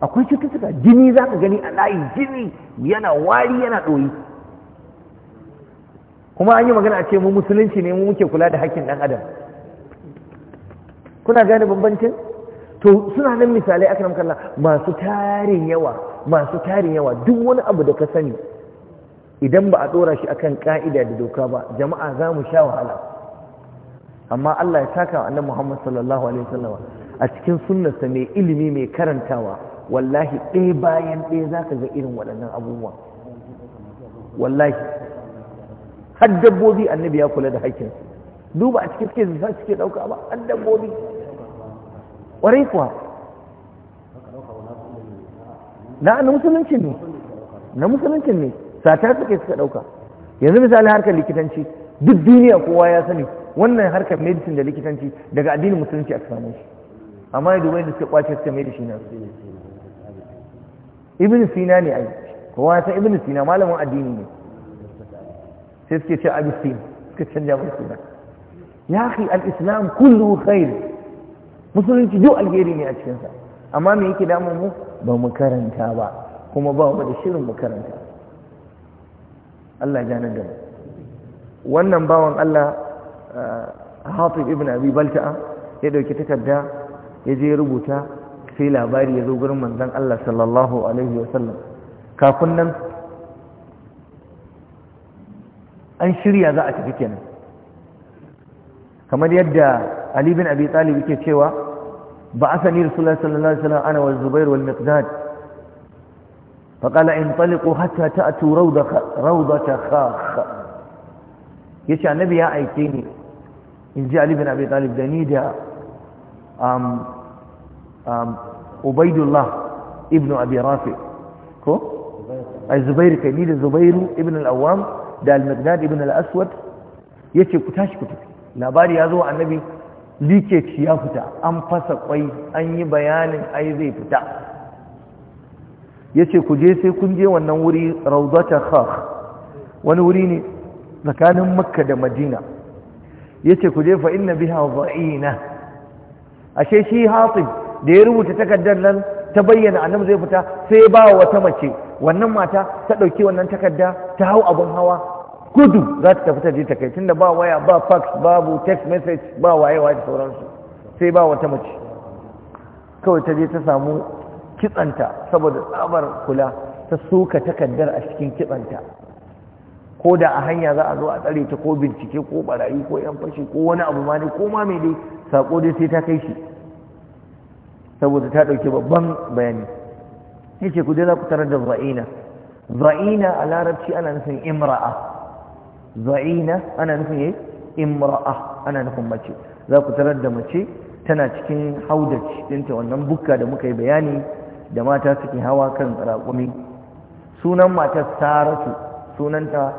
akwai cututtuka jini za ka gani a layi jini yana wari yana ɗoyi kuma an yi magana a ce mu musulunci ne mu muke kula da hakkin ɗan adam kuna gane bambancin to suna nan misalai aka namkalla masu tarin yawa masu tarin yawa duk wani abu da ka sani idan ba a dora shi akan ka'ida da doka ba jama'a za mu sha wahala amma Allah ya saka wa annabi Muhammad sallallahu alaihi wasallam a cikin sunnarsa mai ilimi mai karantawa wallahi ɗaya bayan ɗaya za ka ga irin waɗannan abubuwa wallahi har dabbobi annabi ya kula da haƙƙinsu duba a cikin suke zuwa suke ɗauka ba an dabbobi ƙwarai kuwa na na musulunci ne na musulunci ne sata suke suka ɗauka yanzu misali harkar likitanci duk duniya kowa ya sani wannan harkar medicine da likitanci daga addinin musulunci a samu shi amma yadda wani da suka kwace suka mai da shi na ibn sina ne ai kowa ya san ibn sina malamin addini ne sai suke ce abistin suka canja mai suna ya fi al'islam kullum khair musulunci duk alheri ne a cikinsa amma me yake daman mu ba mu karanta ba kuma ba mu da shirin mu karanta Allah janar da mu wannan bawan Allah Hatib ibn Abi Balta'a ya dauki takarda ya je rubuta sai labari ya zo gurin manzon Allah sallallahu alaihi wasallam kafin nan an shirya za a tafi kenan kamar yadda Ali bin Abi Talib yake cewa ba asani Rasulullahi sallallahu alaihi wasallam ana wal Zubair wal Miqdad fa qala intaliqu hatta ta'tu rawda rawdata khakh yace annabi ya aike ni in ji Ali bin Abi Talib da ni da um um Ubaidullah ibn Abi Rafi ko ai Zubair kai ni da Zubairu ibn al-Awwam da al-Miqdad ibn al-Aswad yace ku tashi ku tafi labari ya zo annabi leakage ya fita an fasa kwai an yi bayanin ai zai fita yace ku je sai kun je wannan wuri rawdata khakh wani wuri ne tsakanin makka da madina yace ku je fa inna biha dha'ina ashe shi hatib da ya rubuta takardar nan ta bayyana annabi zai fita sai ba wata mace wannan mata ta dauki wannan takarda ta hau abin hawa gudu za ta tafi ta je ta kai da ba waya ba fax babu text message ba wayewa da sauransu sai ba wata mace kawai ta je ta samu kitsanta saboda tsabar kula ta soka takaddar a cikin kitsanta ko da a hanya za a zo a tsare ta ko bincike ko barayi ko yan fashi ko wani abu ma ne ko ma mai dai sako dai sai ta kai shi saboda ta ɗauki babban bayani yace ku dai za ku tarar da za'ina za'ina a larabci ana nufin imra'a za'ina ana nufin yayi imra'a ana nufin mace za ku tarar da mace tana cikin haudaci dinta wannan bukka da muka yi bayani da mata suke hawa kan raƙumi sunan matar saratu sunanta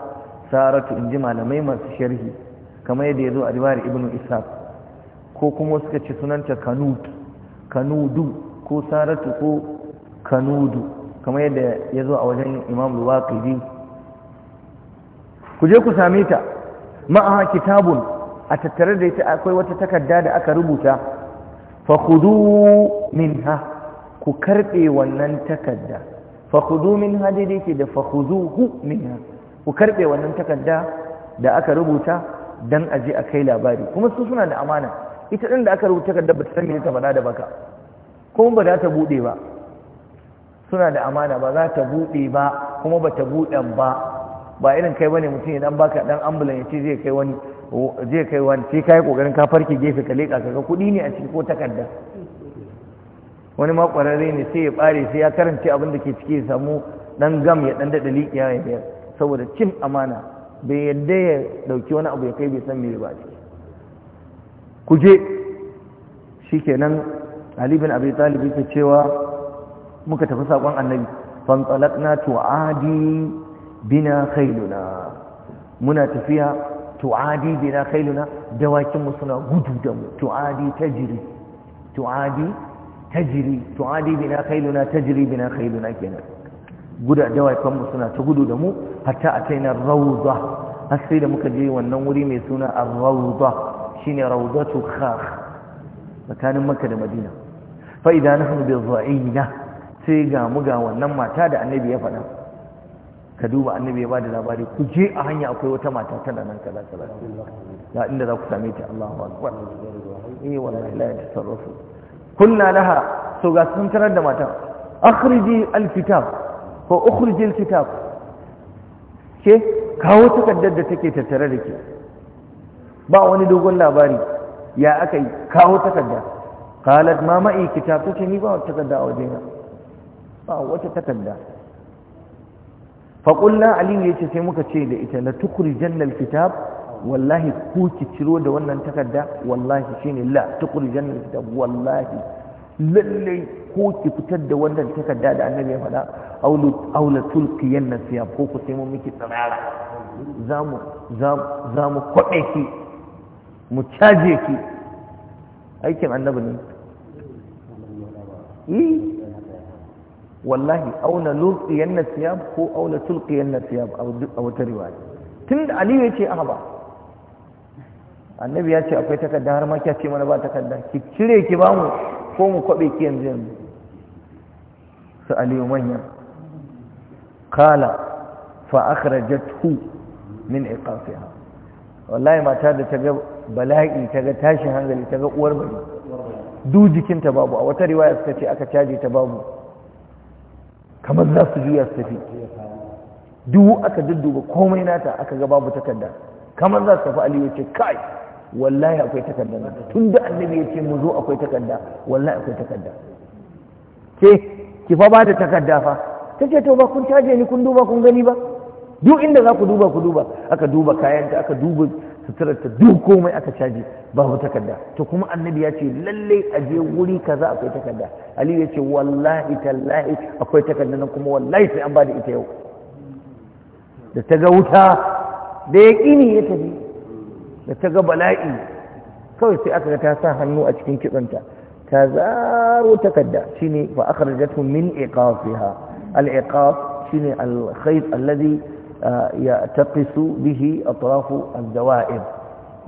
saratu in ji malamai masu sharhi kamar yadda ya zo a ribar ibnu ishaq ko kuma suka ce sunanta kanut kanudu ko saratu ko kanudu kamar yadda ya zo a wajen imam luwaƙidi ku je ku same ta ma'a kitabun a tattare da ita akwai wata takarda da aka rubuta fa khudu minha ku karbe wannan takarda fa khudu minha daidai ke da fa khuduhu minha ku karbe wannan takarda da aka rubuta dan aje a kai labari kuma su suna da amana ita din da aka rubuta takarda ba ta san me ta faɗa da baka kuma ba za ta bude ba suna da amana ba za ta bude ba kuma ba ta buɗan ba ba irin kai bane mutum idan baka dan ambulan yace zai kai wani zai kai wani sai kai kokarin ka farke gefe ka leka kaga kudi ne a ciki ko takarda wani ma kwararre ne sai ya bare sai ya karanta abin da ke ciki ya samu dan gam ya dan dada likiya ya biya saboda cin amana bai yadda ya dauki wani abu ya kai bai san me ba ciki Kuje shi shikenan Ali bin Abi Talib yake cewa muka tafi sakon Annabi fantalaqna tu'adi bina khailuna muna tafiya tu'adi bina khailuna dawakinmu suna gudu da mu tu'adi tajri tu'adi tajri tu'adi bina khailuna tajri bina khailuna kenan guda dawakan suna ta gudu da mu hatta ataina rawda har sai da muka je wannan wuri mai suna ar-rawda shine rawdatu khakh tsakanin makka da madina fa idan nahnu bi dha'ina sai ga mu ga wannan mata da annabi ya faɗa ka duba annabi ya bada labari ku je a hanya akwai wata mata tana nan kaza kaza ga inda za ku same ta Allahu akbar eh wallahi la yatasarrafu kunna laha so ga sun tarar da matan akhriji alkitab ko ukhriji alkitab ke kawo takaddar da take tattare da ke ba wani dogon labari ya aka yi kawo takaddar qalat ma ma'i eh, kitab take ni ba takadda a wajena ba wata takadda. faƙulla aliyu ya ce sai muka ce da ita na tukuri jannal kitab wallahi ku ki ciro da wannan takarda wallahi ne la tukuri jannal kitab wallahi lallai ko ki fitar da wannan takarda da annabi ya faɗa aula la tulqiyanna siya ko ku sai mun miki tsarara Za mu kwaɗe ki mu caje ki aikin annabi ne wallahi auna aula na siyab ko auna aula na siyab a wata riwaya tunda aliyu ya ce a ba annabi ya ce akwai takarda har ma ce mana ba takarda ki cire ki ba mu ko mu kwabe ki yanzu yanzu su aliyu manya kala fa akhrajathu min iqafiha wallahi mata da ta ga bala'i ta ga tashin hankali ta ga uwar bari du jikinta babu a wata riwaya suka ce aka caje ta babu kamar za su juya su tafi duk aka dudduba komai nata aka ga babu takarda kamar za su tafi aliyu ce kai wallahi akwai takarda nan tun da annabi ya ce mu zo akwai takarda wallahi akwai takarda ce ki fa ba ta takarda fa ta ce to ba kun caje ni kun duba kun gani ba duk inda za ku duba ku duba aka duba kayanta aka duba suturarta ta duk komai aka caji babu takarda to kuma annabi ya ce lallai a je wuri kaza akwai takarda aliyu ya ce wallahi tallahi akwai takarda nan kuma wallahi sai an ba da ita yau da ta ga wuta da ya kini ya tafi da ta ga bala'i kawai sai aka ga ta sa hannu a cikin kitsanta ta zaro takarda shine fa akhrajathu min iqafiha al iqaf shine al khayt alladhi يعتقس به أطراف الزوائد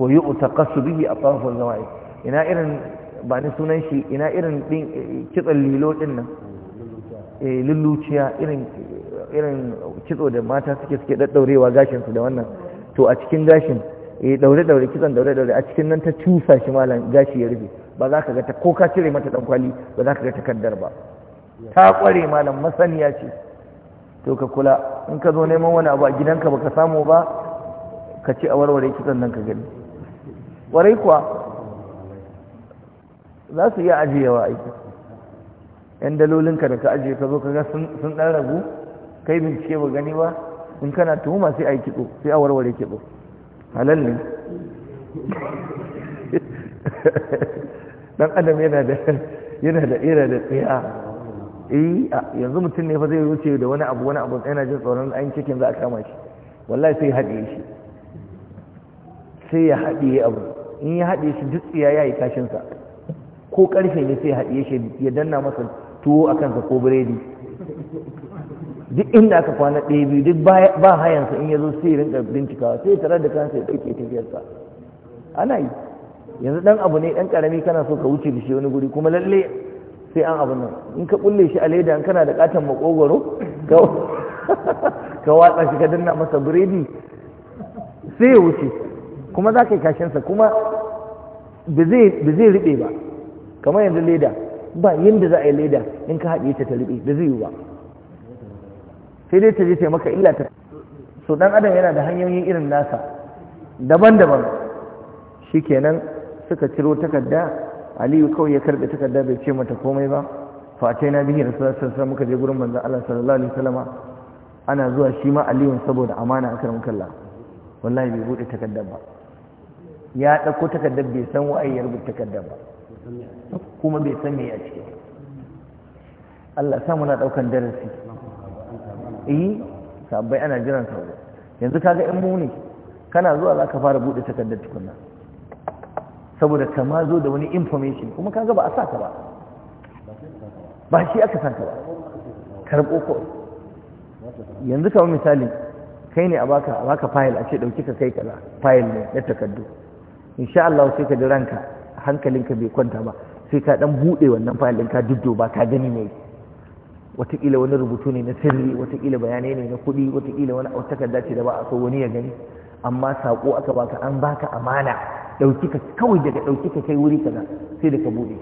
ويؤتقس به أطراف الزوائد إنا إرن بعد سنين شيء إنا إرن كتل ليلو إنا lulluciya irin irin kitso da mata suke suke daddaurewa gashin su da wannan to a cikin gashin eh daure daure kitson daure daure a cikin nan ta cusa shi malam gashi ya rufe ba za ka ga ta ko ka cire mata dan kwali ba za ka ga takardar ba ta kware malam masaniya ce to ka kula in ka zo neman wani abu a gidanka baka samu ba ka ci a warware kitan nan ka gani warai kuwa za su iya ajiyewa aiki yan dalolinka da ka ajiye ka zo ka ga sun ɗan ragu kai bincike ba gani ba in kana tuhuma sai a yi kiɗo sai a warware kiɗo halal ne dan adam yana da yana da tsaya eh yanzu mutum ne fa zai wuce da wani abu wani abu yana jin tsoron an cikin za a kama shi wallahi sai ya haɗe shi sai ya haɗe abu in ya haɗe shi duk tsiya ya yi kashinsa ko ƙarfe ne sai ya haɗe shi ya danna masa tuwo a kansa ko biredi duk inda aka kwana ɗaya biyu duk ba hayansa in ya zo sai rinka bincikawa sai tarar da kansa ya ɗauke tafiyarsa ana yi yanzu ɗan abu ne ɗan ƙarami kana so ka wuce da shi wani guri kuma lalle sai an abu nan in ka kulle shi a leda in kana da katon makogoro ka watsa shi ka danna masa biredi sai ya wuce kuma za ka yi kashinsa kuma ba zai riɓe ba kamar yanzu leda ba yadda za a yi leda in ka haɗe ta ta riɓe ba zai yi ba sai dai ta je ta maka illa ta so dan adam yana da hanyoyin irin nasa daban-daban shi kenan suka ciro takarda aliyu kawai ya karbe takarda bai ce mata komai ba fatai na bihi rasulullahi sallallahu alaihi wasallam muka je gurin manzon Allah sallallahu alaihi wasallam ana zuwa shi ma aliyu saboda amana akan kalla wallahi bai bude takarda ba ya dauko takarda bai san wai ya rubuta takarda ba kuma bai san me ya ciki Allah sa muna daukan darasi eh sabbai ana jiran sauro yanzu kaga in mu ne kana zuwa zaka fara bude takardar tukunna saboda kama zo da wani information kuma kaga ba a sa ba ba shi aka saka ba karɓo ko yanzu kamar misali kai ne a baka a baka fayil a ce ɗauki ka kai kaza fayil ne na takardu insha Allah sai ka ji ranka hankalinka bai kwanta ba sai ka dan buɗe wannan fayil ɗin ka ba ka gani ne watakila wani rubutu ne na sirri watakila bayanai ne na kuɗi watakila wani takarda ce da ba a so wani ya gani amma saƙo aka baka an baka amana ɗauki ka kawai daga ɗauki ka kai wuri kaza sai da ka buɗe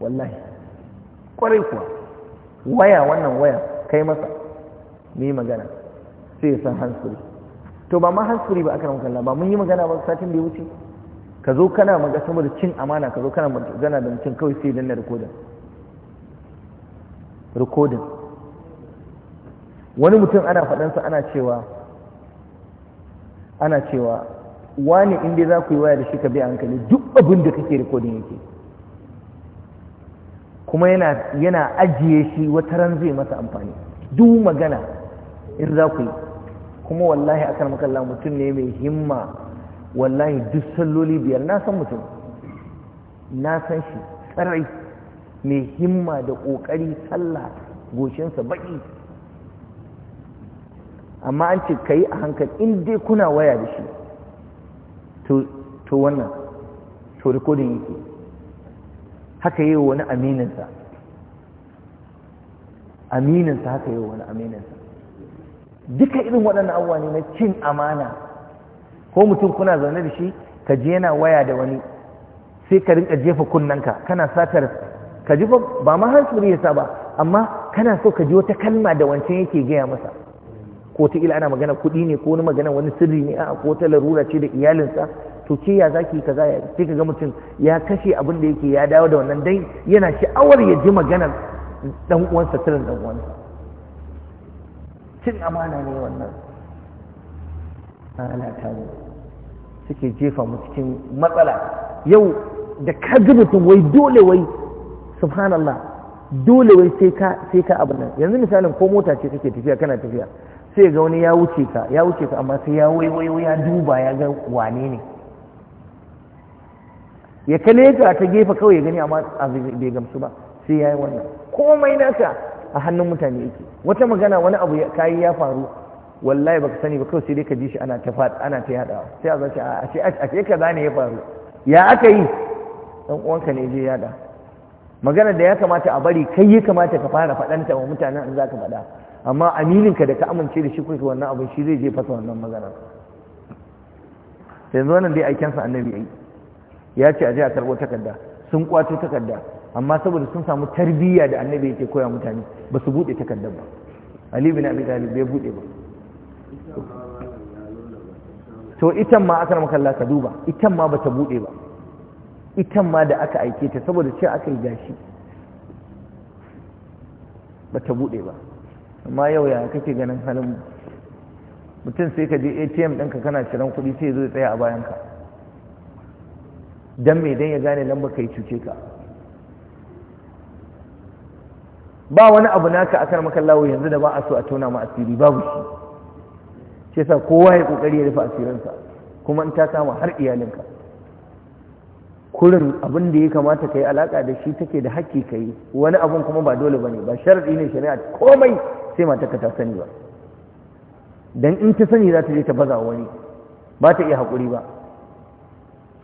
wallahi Ƙwarai kuwa waya wannan waya kai masa mai magana sai ya san hansuri to ba ma hansuri ba aka ramkalla ba mun yi magana ba satin da ya wuce ka zo kana magana saboda cin amana ka zo kana magana da mutum kawai sai danna rikodin rikodin wani mutum ana faɗansa ana cewa ana cewa wani inda za ku yi waya da shi ka bi hankali duk abin da kake rikodin yake kuma yana ajiye shi wata ran zai masa amfani duk magana in za ku yi kuma wallahi akan makalla mutum ne mai himma wallahi duk salloli biyar na san mutum na san shi tsarai mai himma da ƙoƙari sallah goshinsa baƙi amma an ce ka yi a hankali in dai kuna waya da shi to wannan to rikodin yake haka yi wani amininsa amininsa haka yi wani amininsa duka irin waɗannan abuwa ne na cin amana ko mutum kuna zaune da shi ka je yana waya da wani sai ka rinka jefa kunnanka kana satar ka ji ba ma hansu ya sa ba amma kana so ka ji wata kalma da wancan yake gaya masa ko ta ila ana magana kuɗi ne ko wani magana wani sirri ne a ko ta larura ce da iyalinsa to ke ya zaki ka za ka ga mutum ya kashe abin da yake ya dawo da wannan dai yana sha'awar ya ji maganar dan uwansa sirrin dan uwansa cin amana ne wannan ana ta mu suke jefa mu cikin matsala yau da ka ji mutum wai dole wai subhanallah dole wai sai ka sai ka abin nan yanzu misalin ko mota ce kake tafiya kana tafiya sai ga wani ya wuce ka ya wuce ka amma sai ya waiwayo ya duba ya ga wane ne ya kale ka ta gefe kawai ya gani amma a bai gamsu ba sai ya yi wannan komai naka a hannun mutane yake wata magana wani abu kayi ya faru wallahi baka sani ba kawai sai dai ka ji shi ana ta fad ana ta yadawa sai a zace a ce a ce ya faru ya aka yi dan uwanka ne je yada magana da ya kamata a bari kai ya kamata ka fara faɗanta wa mutanen in zaka faɗa amma amininka da ka amince da shi kuka wannan abin shi zai je fasa wannan magana yanzu nan dai sa annabi ya yi ya ce a je a karbo takarda sun kwato takarda amma saboda sun samu tarbiyya da annabi yake koya mutane ba su buɗe takardar ba ali bin abi talib bai buɗe ba to itan ma aka maka Allah ka duba itan ma bata buɗe ba itan ma da aka aike ta saboda ce aka yi gashi bata buɗe ba amma yau ya kake ganin halin mutum sai ka je atm ɗinka kana shirin kuɗi sai zo tsaya a ka. don me don ya gane lamba kai cuce ka ba wani abu naka akan kan makallawo yanzu da ba a so a tona ma asiri babu shi shi sa kowa ya kokari ya rufe sa. kuma in ta kama har ka. kurin abin da ya kamata ka yi alaka da shi take da hakki ka yi wani abin kuma ba dole ba ne ba sharaɗi ne shari'a komai sai matarka ta sani ba dan in ta sani za ta je ta baza wani ba ta iya haƙuri ba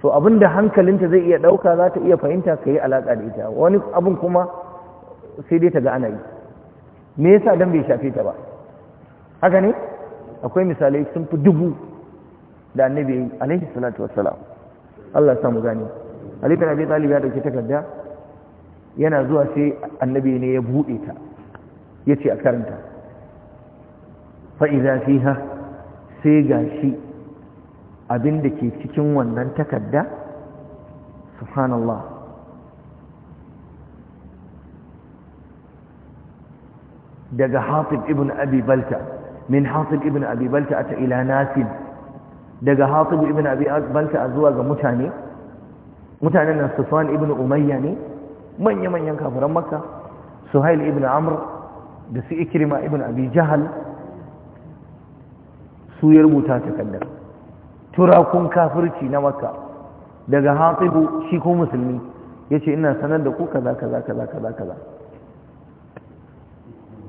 so abinda hankalinta zai iya ɗauka za ta iya fahimta ka yi alaƙa da ita wani abin kuma sai dai ta ga ana yi me yasa dan bai shafe ta ba haka ne akwai misalai sun fi dubu da annabi alaihi salatu wassalam Allah ya samu gani Ali bin Abi Talib ya dauki takarda yana zuwa sai annabi ne ya buɗe ta ya ce a karanta fa'iza fiha sai ga shi abin ke cikin wannan takarda subhanallah daga hatib ibn abi balta min hatib ibn abi balta ata ila nasib daga hatib ibn abi balta zuwa ga mutane mutanen nan sufan ibn umayya ne manya-manyan kafiran makka suhail ibn amr da su ikirma ibn abi jahal su ya rubuta takardar turakun kafirci na makka daga hatibu shi ko musulmi ya ce ina sanar da ku kaza kaza kaza kaza kaza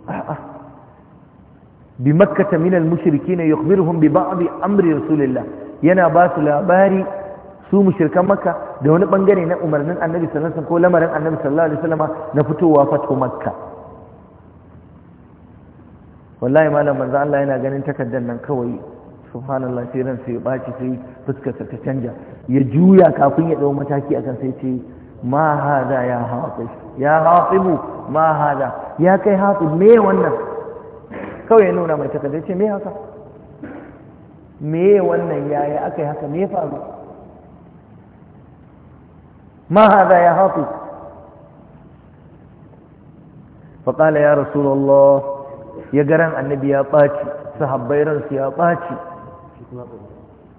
a'a bi makkata min al-mushrikeen yukhbiruhum bi ba'd amri rasulillah yana ba su labari su mushrikan makka da wani bangare na umarnin annabi sallallahu alaihi wasallam ko lamarin annabi sallallahu alaihi wasallam na fitowa fatu makka wallahi malam manzo Allah yana ganin takaddan nan kawai subhanallah sai ran sai baci sai fuskar ta canja ya juya kafin ya dawo mataki akan sai ce ma hada ya hafiz ya hafibu ma hada ya kai hafi me wannan kawai ya nuna mai takardar ce me haka me wannan yaya aka yi haka me faru ma hada ya hafiz فقال يا رسول الله ya garan annabi ya ɓaci sahabbai ransu ya ɓaci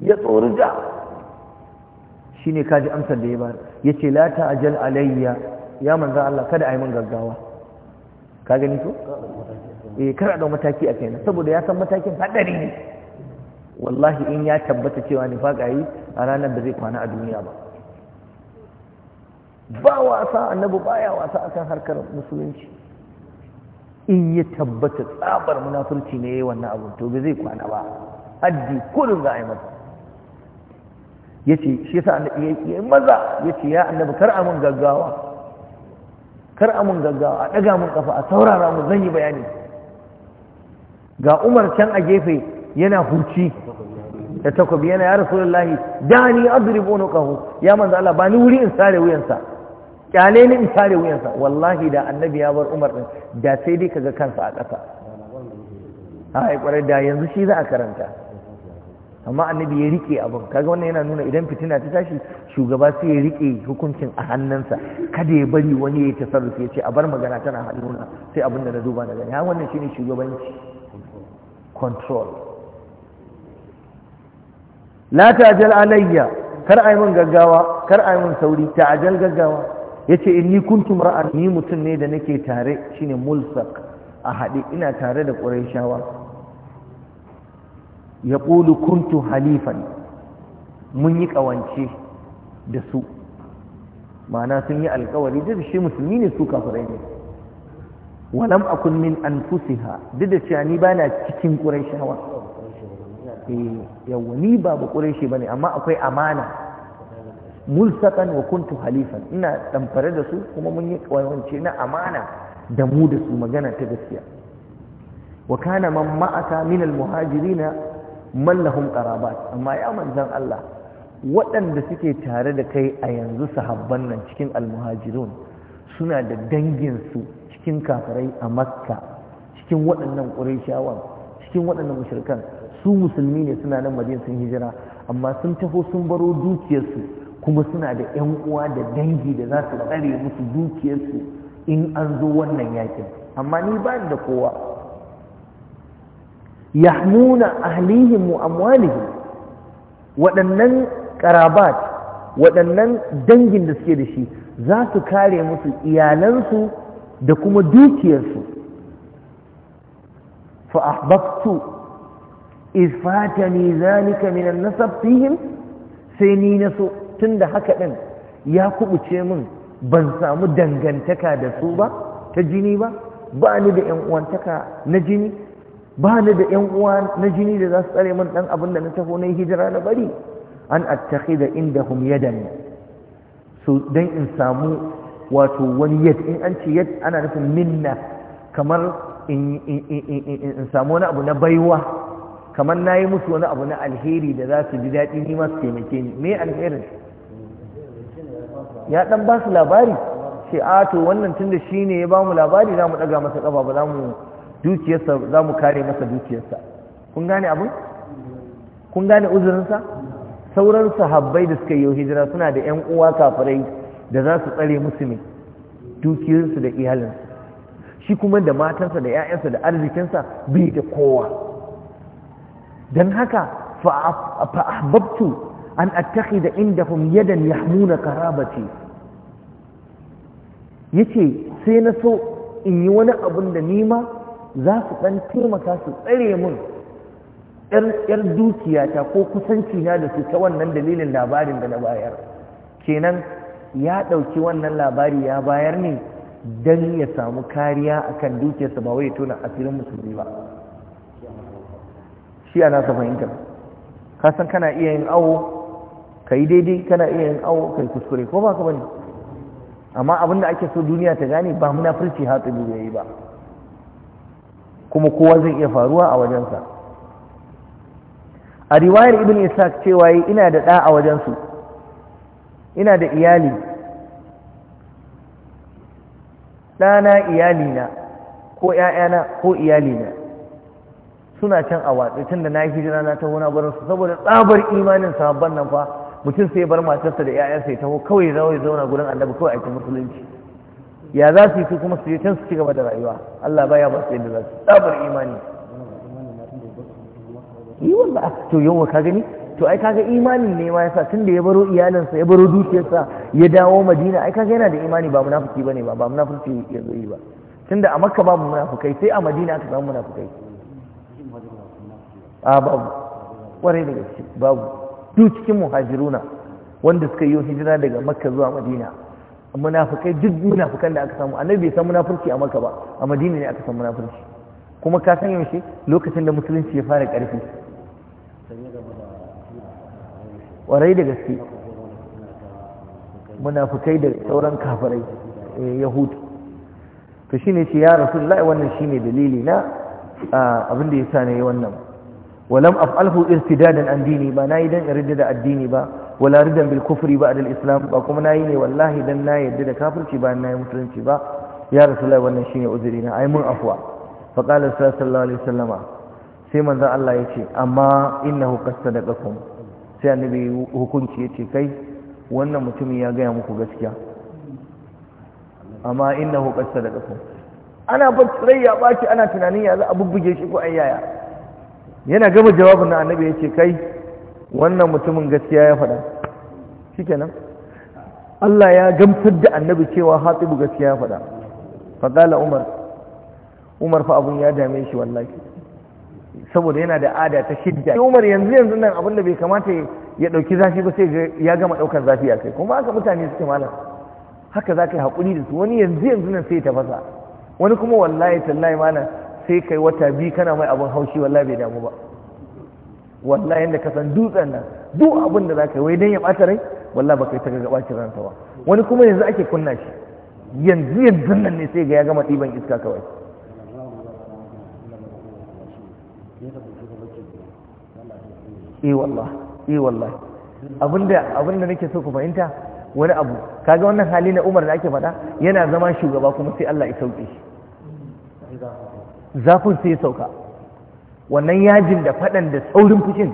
ya ja shi ne kaji amsar da ya bayar ya ce a jan alayya ya manza Allah kada a yi man gaggawa ka gani to? eh kar a ɗau mataki a kaina saboda ya san matakin haɗari ne wallahi in ya tabbata cewa faƙa yi a ranar da zai kwana a duniya ba ba wasa annabi baya wasa a kan harkar musulunci in ya tabbata tsabar munafurci ne yi wannan abu to zai kwana ba haddi kullum za a yi masa ce shi yasa annabi yi maza ce ya annabi kar amin gaggawa kar amin gaggawa a daga mun kafa a saurara mu zan yi bayani ga Umar can a gefe yana hurci da takobi yana ya rasu da ni adribu nuqahu ya manzo Allah ba ni wuri in sare wuyansa kyale ni in tare wuyansa wallahi da annabi ya bar umar din da sai dai kaga kansa a ƙasa a kwarai da yanzu shi za a karanta amma annabi ya rike abin kaga wannan yana nuna idan fitina ta tashi shugaba sai ya rike hukuncin a hannunsa kada ya bari wani ya tasarrufi ya ce a bar magana tana hannuna sai abin da na duba na gani ha wannan shine shugabanci control la ta'jal alayya kar ayi mun gaggawa kar ayi mun sauri ta'jal gaggawa yace inni kuntum ra'an ni mutum ne da nake tare shine mulsak a haɗe ina tare da Ya yaqulu kuntu halifan mun yi kawance da su ma'ana sun yi alkawari da shi musulmi ne su kafirai ne walam akun min anfusiha duk da cewa ni bana cikin qurayshawa eh yawa ni ba ba bane amma akwai amana mulsakan wa kuntu halifan ina damfare da su kuma mun yi kawance na amana da mu da su magana ta gaskiya wa kana man ma'aka min almuhajirina man lahum qarabat amma ya manzan Allah waɗanda suke tare da kai a yanzu sahabban nan cikin almuhajirun suna da danginsu cikin kafirai a makka cikin waɗannan ƙurayshawan cikin waɗannan mushrikan su musulmi ne suna nan madina sun hijira amma sun taho sun baro dukiyarsu kuma suna da 'yan uwa da dangi da za su tsare musu dukiyarsu in an zo wannan yakin amma ni ba da kowa yahmuna ahlihim wa amwalihim waɗannan karabat waɗannan dangin da suke da shi za su kare musu iyalansu da kuma dukiyarsu fa ahbabtu ne fatani zalika min an-nasab fihim sai ni na so tun da haka ɗin ya kubuce min ban samu dangantaka da su ba ta jini ba ba ni da 'yan uwantaka na jini ba ni da 'yan uwa na jini da za su tsare min ɗan abin da na taho na yi hijira na bari an attaki da inda hum yadan so don in samu wato wani yad in an ce yad ana nufin minna kamar in samu wani abu na baiwa kamar na yi musu wani abu na alheri da za su ji daɗi ni masu taimake ni me alherin ya ɗan ba su labari ce a to wannan tunda shi ne ya ba mu labari za mu ɗaga masa ƙafa ba za mu dukiyarsa za mu kare masa dukiyarsa kun gane abin kun gane uzurinsa sauran sahabbai da suka yi hijira suna da ƴan uwa kafirai da za su tsare musu ne dukiyarsu da iyalinsu shi kuma da matansa da ƴaƴansa da arzikinsa bai da kowa don haka fa ahbabtu an da inda hum yadan yahmuna karabati yace sai na so in yi wani abun da nima za su dan taimaka su tsare mun yar dukiyata ko kusanci na da su ta wannan dalilin labarin da na bayar kenan ya ɗauki wannan labari ya bayar ne don ya samu kariya akan dukiyarsa ba wai tona asirin musulmi ba shi ana sa fahimtar kasan kana iya yin awo ka yi daidai kana iya yin awo kai kuskure ko ba ka bane amma abin da ake so duniya ta gane ba furci hatsari ya yi ba kuma kowa zai iya faruwa a wajensa a riwayar ibn isaac cewa ina da ɗa a wajensu ina da iyali ɗana iyalina ko ‘ya'yana ko iyalina suna can a watsi tun da na hijira na ta wuna barinsu saboda tsabar imanin sahabban nan fa mutum sai bar matarsa da 'ya'yansa ya taho kawai ya zauna gurin annabi kawai aikin musulunci ya za su yi su kuma su je can su ci gaba da rayuwa Allah baya ba su yadda za su tsabar imani yi wanda to yawa ka gani to ai kaga imanin ne ma yasa da ya baro iyalinsa ya baro dukiyarsa ya dawo madina ai kaga yana da imani ba munafiki ne ba ba munafiki zo yi ba Tun da a makka babu munafukai, sai a madina aka samu munafukai. a babu da gaske babu duk cikin muhajiruna wanda suka yi hijira daga makka zuwa madina munafikai duk munafikan da aka samu annabi bai san munafurci a makka ba a madina ne aka san munafurci kuma ka san yaushe lokacin da musulunci ya fara karfi warai da gaske munafukai da sauran kafirai eh, yahudu to shine ce ya rasulullahi wannan shine dalili na ah, abin da ya sa ne wannan ولم أفعله ارتدادا عن ديني با ناي دن ارتداد عن ديني با ولا ردا بالكفر بعد الإسلام با كما ناي والله دن ناي يدد كافر با ناي مسلم با يا رسول الله wannan shine uzurina ai mun afwa فقال الرسول صلى الله عليه وسلم sai manzon Allah yace amma innahu qasadaqakum sai annabi hukunci yace kai wannan mutumin ya gaya muku gaskiya amma innahu qasadaqakum ana ba tsirayya baki ana tunanin ya za a bubbuge shi ko ayyaya yana gama jawabin na annabi ya ce kai wannan mutumin gaskiya ya faɗa kenan Allah ya gamsar da annabi cewa hatibu gaskiya ya faɗa faƙala umar umar fa abun ya dame shi wallahi saboda yana da ada ta shidda umar yanzu yanzu nan abin da bai kamata ya ɗauki zafi ba sai ya gama ɗaukar zafi a kai kuma haka mutane suke malam haka za ka yi haƙuri da su wani yanzu yanzu nan sai ya tafasa wani kuma wallahi tallahi malam sai kai wata biyu kana mai abin haushi wallahi bai damu ba wallahi yanda ka san dutsen nan duk abin da zaka yi wai dan ya bata rai wallahi baka ta ga bacin ransa ba wani kuma yanzu ake kunna shi yanzu yanzu nan ne sai ga ya gama ɗiban iska kawai eh wallahi eh wallahi abinda abinda nake so ku fahimta wani abu kaga wannan hali na Umar da ake faɗa yana zama shugaba kuma sai Allah ya sauke shi zafin sai sauka wannan yajin da faɗan da saurin fushin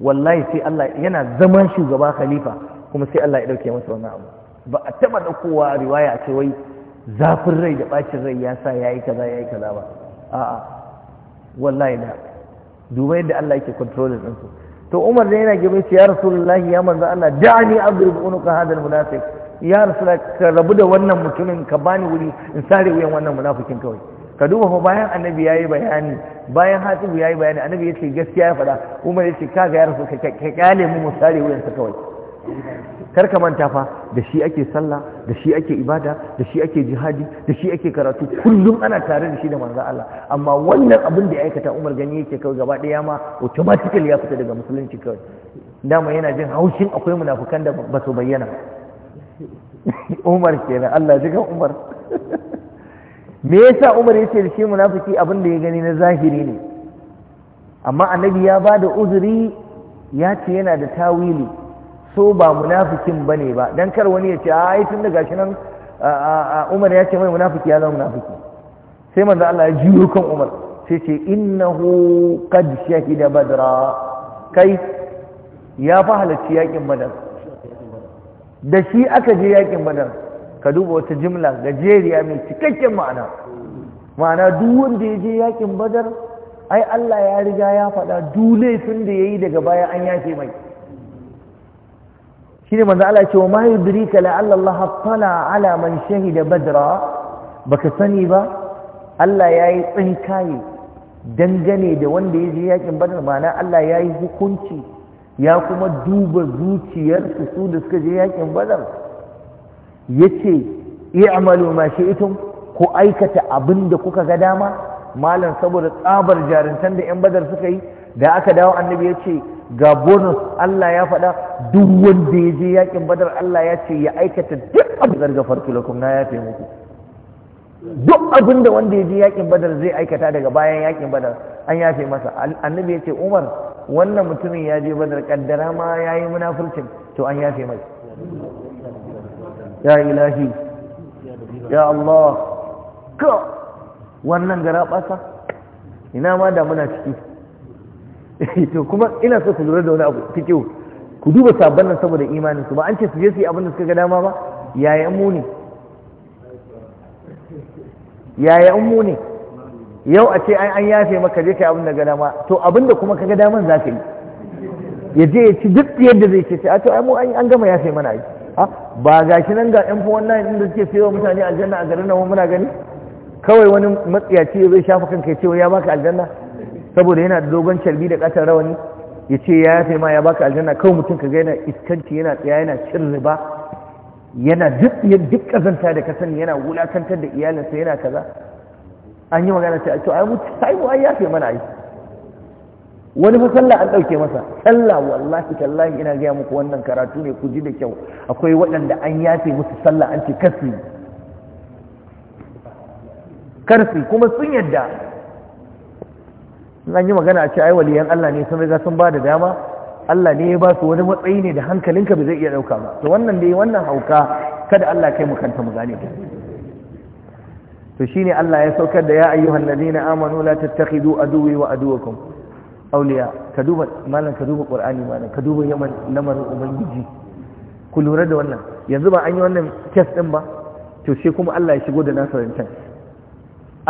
wallahi sai Allah yana zaman shugaba khalifa kuma sai Allah ya ɗauke masa wannan abu ba a taɓa ɗaukowa riwaya a ce wai zafin rai da ɓacin rai ya sa ya yi kaza ya yi kaza ba a'a wallahi da duba yadda Allah yake controlling su. to umar da yana gaba ce ya rasulullahi ya manzo Allah da'ani adrib unuka hadal munafiq ya rasulullah ka rabu da wannan mutumin ka bani wuri in sare wuyan wannan munafikin kawai ka duba ko bayan annabi ya yi bayani bayan ya yi bayani annabi ya ce gaskiya ya faɗa umar ya ce "Ka ga rasu ka kyale mu musare wuyan kawai kar ka manta fa da shi ake sallah da shi ake ibada da shi ake jihadi da shi ake karatu kullum ana tare da shi da manzo Allah amma wannan abin da ya aikata Umar gani yake kawai gaba daya ma automatically ya fita daga musulunci kawai dama yana jin haushin akwai munafukan da ba su bayyana Umar kenan Allah jigan Umar me yasa umar yace da shi munafiki abin da ya gani na zahiri ne amma annabi ya ba da uzuri ya ce yana da tawili so ba munafikin bane ba dan kar wani ya ce a ai tun da gashi umar ya ce mai munafiki ya zama munafiki sai manzo Allah ya jiyo kan umar sai ce innahu qad shahida badra kai ya fa halarci yakin badar da shi aka je yakin badar ka duba wata jimla gajeriya mai cikakken ma'ana ma'ana duk wanda ya je yakin badar ai Allah ya riga ya faɗa duk laifin da yayi daga baya an yafe mai shine maza Allah cewa ce wa ma yudrika la Allah tala ala man shahida badra baka sani ba Allah yayi tsinkaye dangane da wanda ya je yakin badar ma'ana Allah yayi hukunci ya kuma duba zuciyar su da suka je yakin badar Ya yace i'malu ma shi'tum ku aikata abin da kuka ga dama malam saboda tsabar jarintan da yan badar suka yi da aka dawo annabi ya ce ga bonus Allah ya faɗa duk wanda ya je yakin badar Allah ya ce ya aikata duk abin gafar tulakun na yafe muku duk abin da wanda ya je yakin badar zai aikata daga bayan yakin badar an yafe masa annabi ya ce umar wannan mutumin ya je badar kaddara ma ya yi munafurcin to an yafe mai ya ilahi ya Allah ka wannan gara basa ina ma da muna ciki eh, to kuma ina so ku lura da wani abu fikihu ku duba sabon nan saboda imanin su ba an ce su je su yi abin da suka ga dama ba yayan mu ne yayan mu ne yau a ce an yafe maka je kai abin da ga dama to abin da kuma ka daman za ka yi ya je ya ci duk yadda zai ce a to ai mu an gama yafe mana aiki ba ga shi nan ga yan fi wannan inda suke sayo mutane aljanna a garin nan muna gani kawai wani matsiyaci zai shafa kanka ya ce ya baka aljanna saboda yana da dogon calbi da katar rawani ya ce ya yafe ma ya baka aljanna kawai mutum ka ga yana iskanci yana tsaya yana cin riba yana duk duk kazanta da ka sani yana wulakantar da iyalinsa yana kaza an yi magana sai a to ai mu sai mu ai yafe mana ai wani fa sallah an ɗauke masa sallah wallahi tallahi ina gaya muku wannan karatu ne ku ji da kyau akwai waɗanda an yafe musu sallah an ce karfi karfi kuma sun yadda an yi magana a ce ai waliyan Allah ne sun riga sun ba da dama Allah ne ya ba su wani matsayi ne da hankalinka bai zai iya ɗauka ba to wannan dai wannan hauka kada Allah kai mu kanta mu gane ta to shine Allah ya saukar da ya ayyuhan ladina amanu la tattakhidu aduwi wa aduwakum auliya ka duba malam ka duba qur'ani malam ka duba yaman lamarin ubangiji ku lura da wannan yanzu ba an yi wannan kes din ba to sai kuma Allah ya shigo da nasa rancen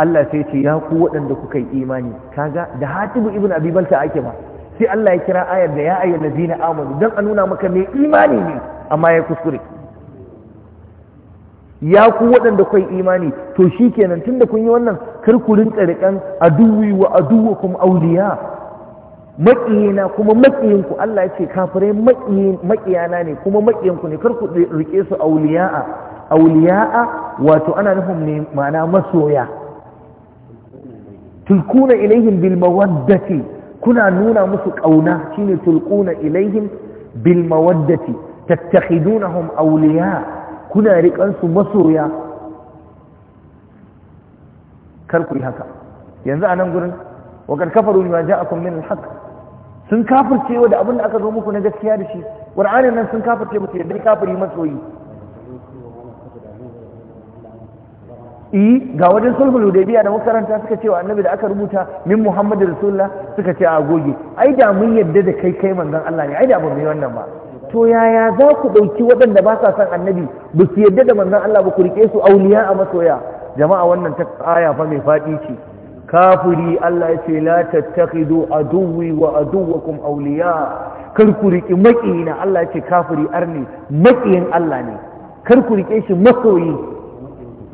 Allah sai ce ya ku waɗanda kuka yi imani kaga da hatibu ibn abi balta ake ba sai Allah ya kira ayar da ya ayyul ladina amanu don a nuna maka mai imani ne amma ya kuskure ya ku waɗanda yi imani to shi kenan tunda kun yi wannan kar ku rinka rikan aduwi wa aduwakum auliya maƙiyina kuma maƙiyinku Allah ya ce kafirai maƙiyana ne kuma maƙiyanku ne kar ku rike su auliya'a auliya'a wato ana nufin ne ma'ana masoya tulkuna ilaihim bil mawaddati kuna nuna musu ƙauna shine tulkuna ilaihim bil mawaddati tattakhidunahum awliya kuna rikan su masoya kar ku yi haka yanzu a nan gurin wa kad kafaru bima ja'akum min sun kafirce wa da abin da aka zo muku na gaskiya da shi qur'anin nan sun kafirce musu yadda kafiri masoyi yi e, ga wajen sulhul hudaybiya da makaranta suka ce wa annabi da aka rubuta min muhammadu rasulullah suka ce a goge ai da mun yadda da kai kai manzon Allah ne ai da ba mu wannan ba to yaya za ku ɗauki waɗanda ba sa son annabi ba su yadda da manzon Allah ba ku rike su auliya a masoya jama'a wannan ta aya fa mai faɗi ce kafiri Allah ya ce la tattakhidu aduwwi wa aduwwakum awliya kar ku riki makiyina Allah ya ce kafiri arni makiyin Allah ne kar ku rike shi makoyi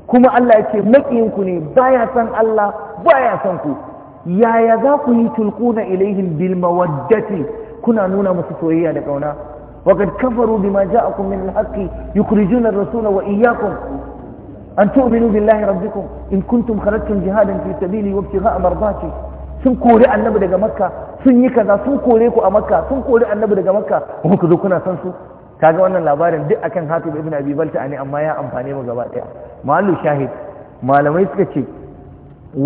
kuma Allah ya ce makiyin ku ne baya san Allah baya san ku yaya za ku yi tulquna ilaihim bil mawaddati kuna nuna musu soyayya da kauna وقد كفروا بما جاءكم من الحق يخرجون wa وإياكم أن تؤمنوا بالله ربكم إن كنتم خرجتم جهادا في سبيلي وابتغاء مرضاتي sun kori annabi daga makka sun yi kaza sun kore ku a makka sun kori annabi daga makka kuma ku zo kuna san su kaga wannan labarin duk akan hatib ibn abi balta ne amma ya amfane mu gaba daya malu shahid malamai suka ce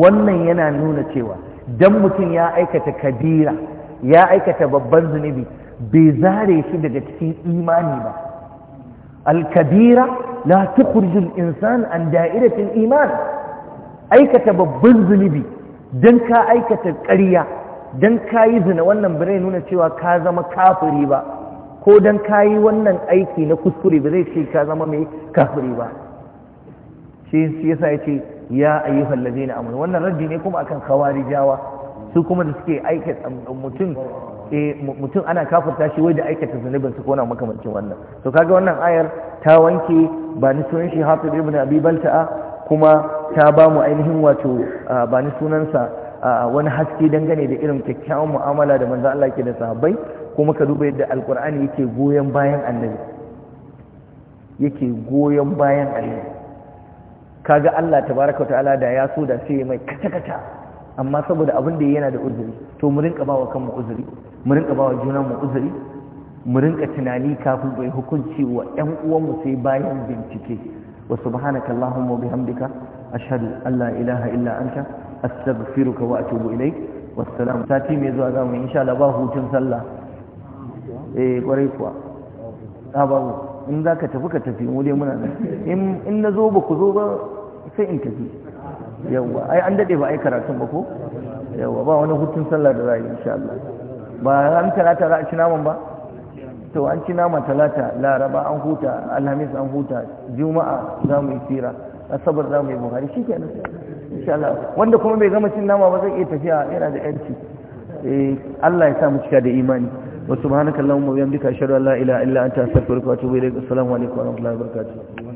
wannan yana nuna cewa dan mutum ya aikata kabira ya aikata babban zunubi bai zare shi daga cikin imani ba alkabira la tukhrijul insan an da'iratil iman aikata babban zunubi dan ka aikata ƙarya dan kayi zina wannan bare nuna cewa ka zama kafuri ba ko dan kayi wannan aiki na kuskure ba zai ce ka zama mai kafuri ba shi yasa yace ya ayyuhal ladina amanu wannan raddi ne kuma akan khawarijawa su kuma da suke aikata mutum eh mutum ana kafirta shi wai da aikata zunubin su kona makamancin wannan to kaga wannan ayar ta wanke ba ni sunan shi Hafiz ibn Abi Balta'a kuma ta ba mu ainihin wato ba ni sunansa wani haske dangane da irin kyakkyawan mu'amala da manzo Allah yake da sahabbai kuma ka duba yadda alkur'ani yake goyen bayan annabi yake goyon bayan annabi kaga Allah tabaraka ta'ala da ya so da sai mai kata kata amma saboda abin da yana da uzuri to mu rinka wa kanmu uzuri mu rinka ba wa juna mu uzuri mu rinka tunani kafin bai hukunci wa ƴan uwanmu sai bayan bincike wa subhanaka allahumma wa bihamdika ashhadu an la ilaha illa anta astaghfiruka wa atubu ilaik wassalam sati mai zuwa zamu insha Allah ba hutun sallah eh kwarai kuwa ah, babu in ka tafi ka tafi mu dai muna nan. in in zo ba ku zo ba sai in tafi Yawwa, ai an dade ba ai karatun ba ko Yawwa ba wani hutun sallah da za a yi insha Allah ba an talata za a ci naman ba to an ci nama talata laraba an huta alhamis an huta juma'a za mu yi tsira asabar za mu yi buhari shi kenan insha Allah wanda kuma bai gama cin nama ba zai iya tafiya yana da yanci eh Allah ya sa mu cika da imani wa subhanakallahumma wa bihamdika ashhadu an la ilaha illa anta astaghfiruka wa atubu ilaik assalamu alaikum wa rahmatullahi wa barakatuh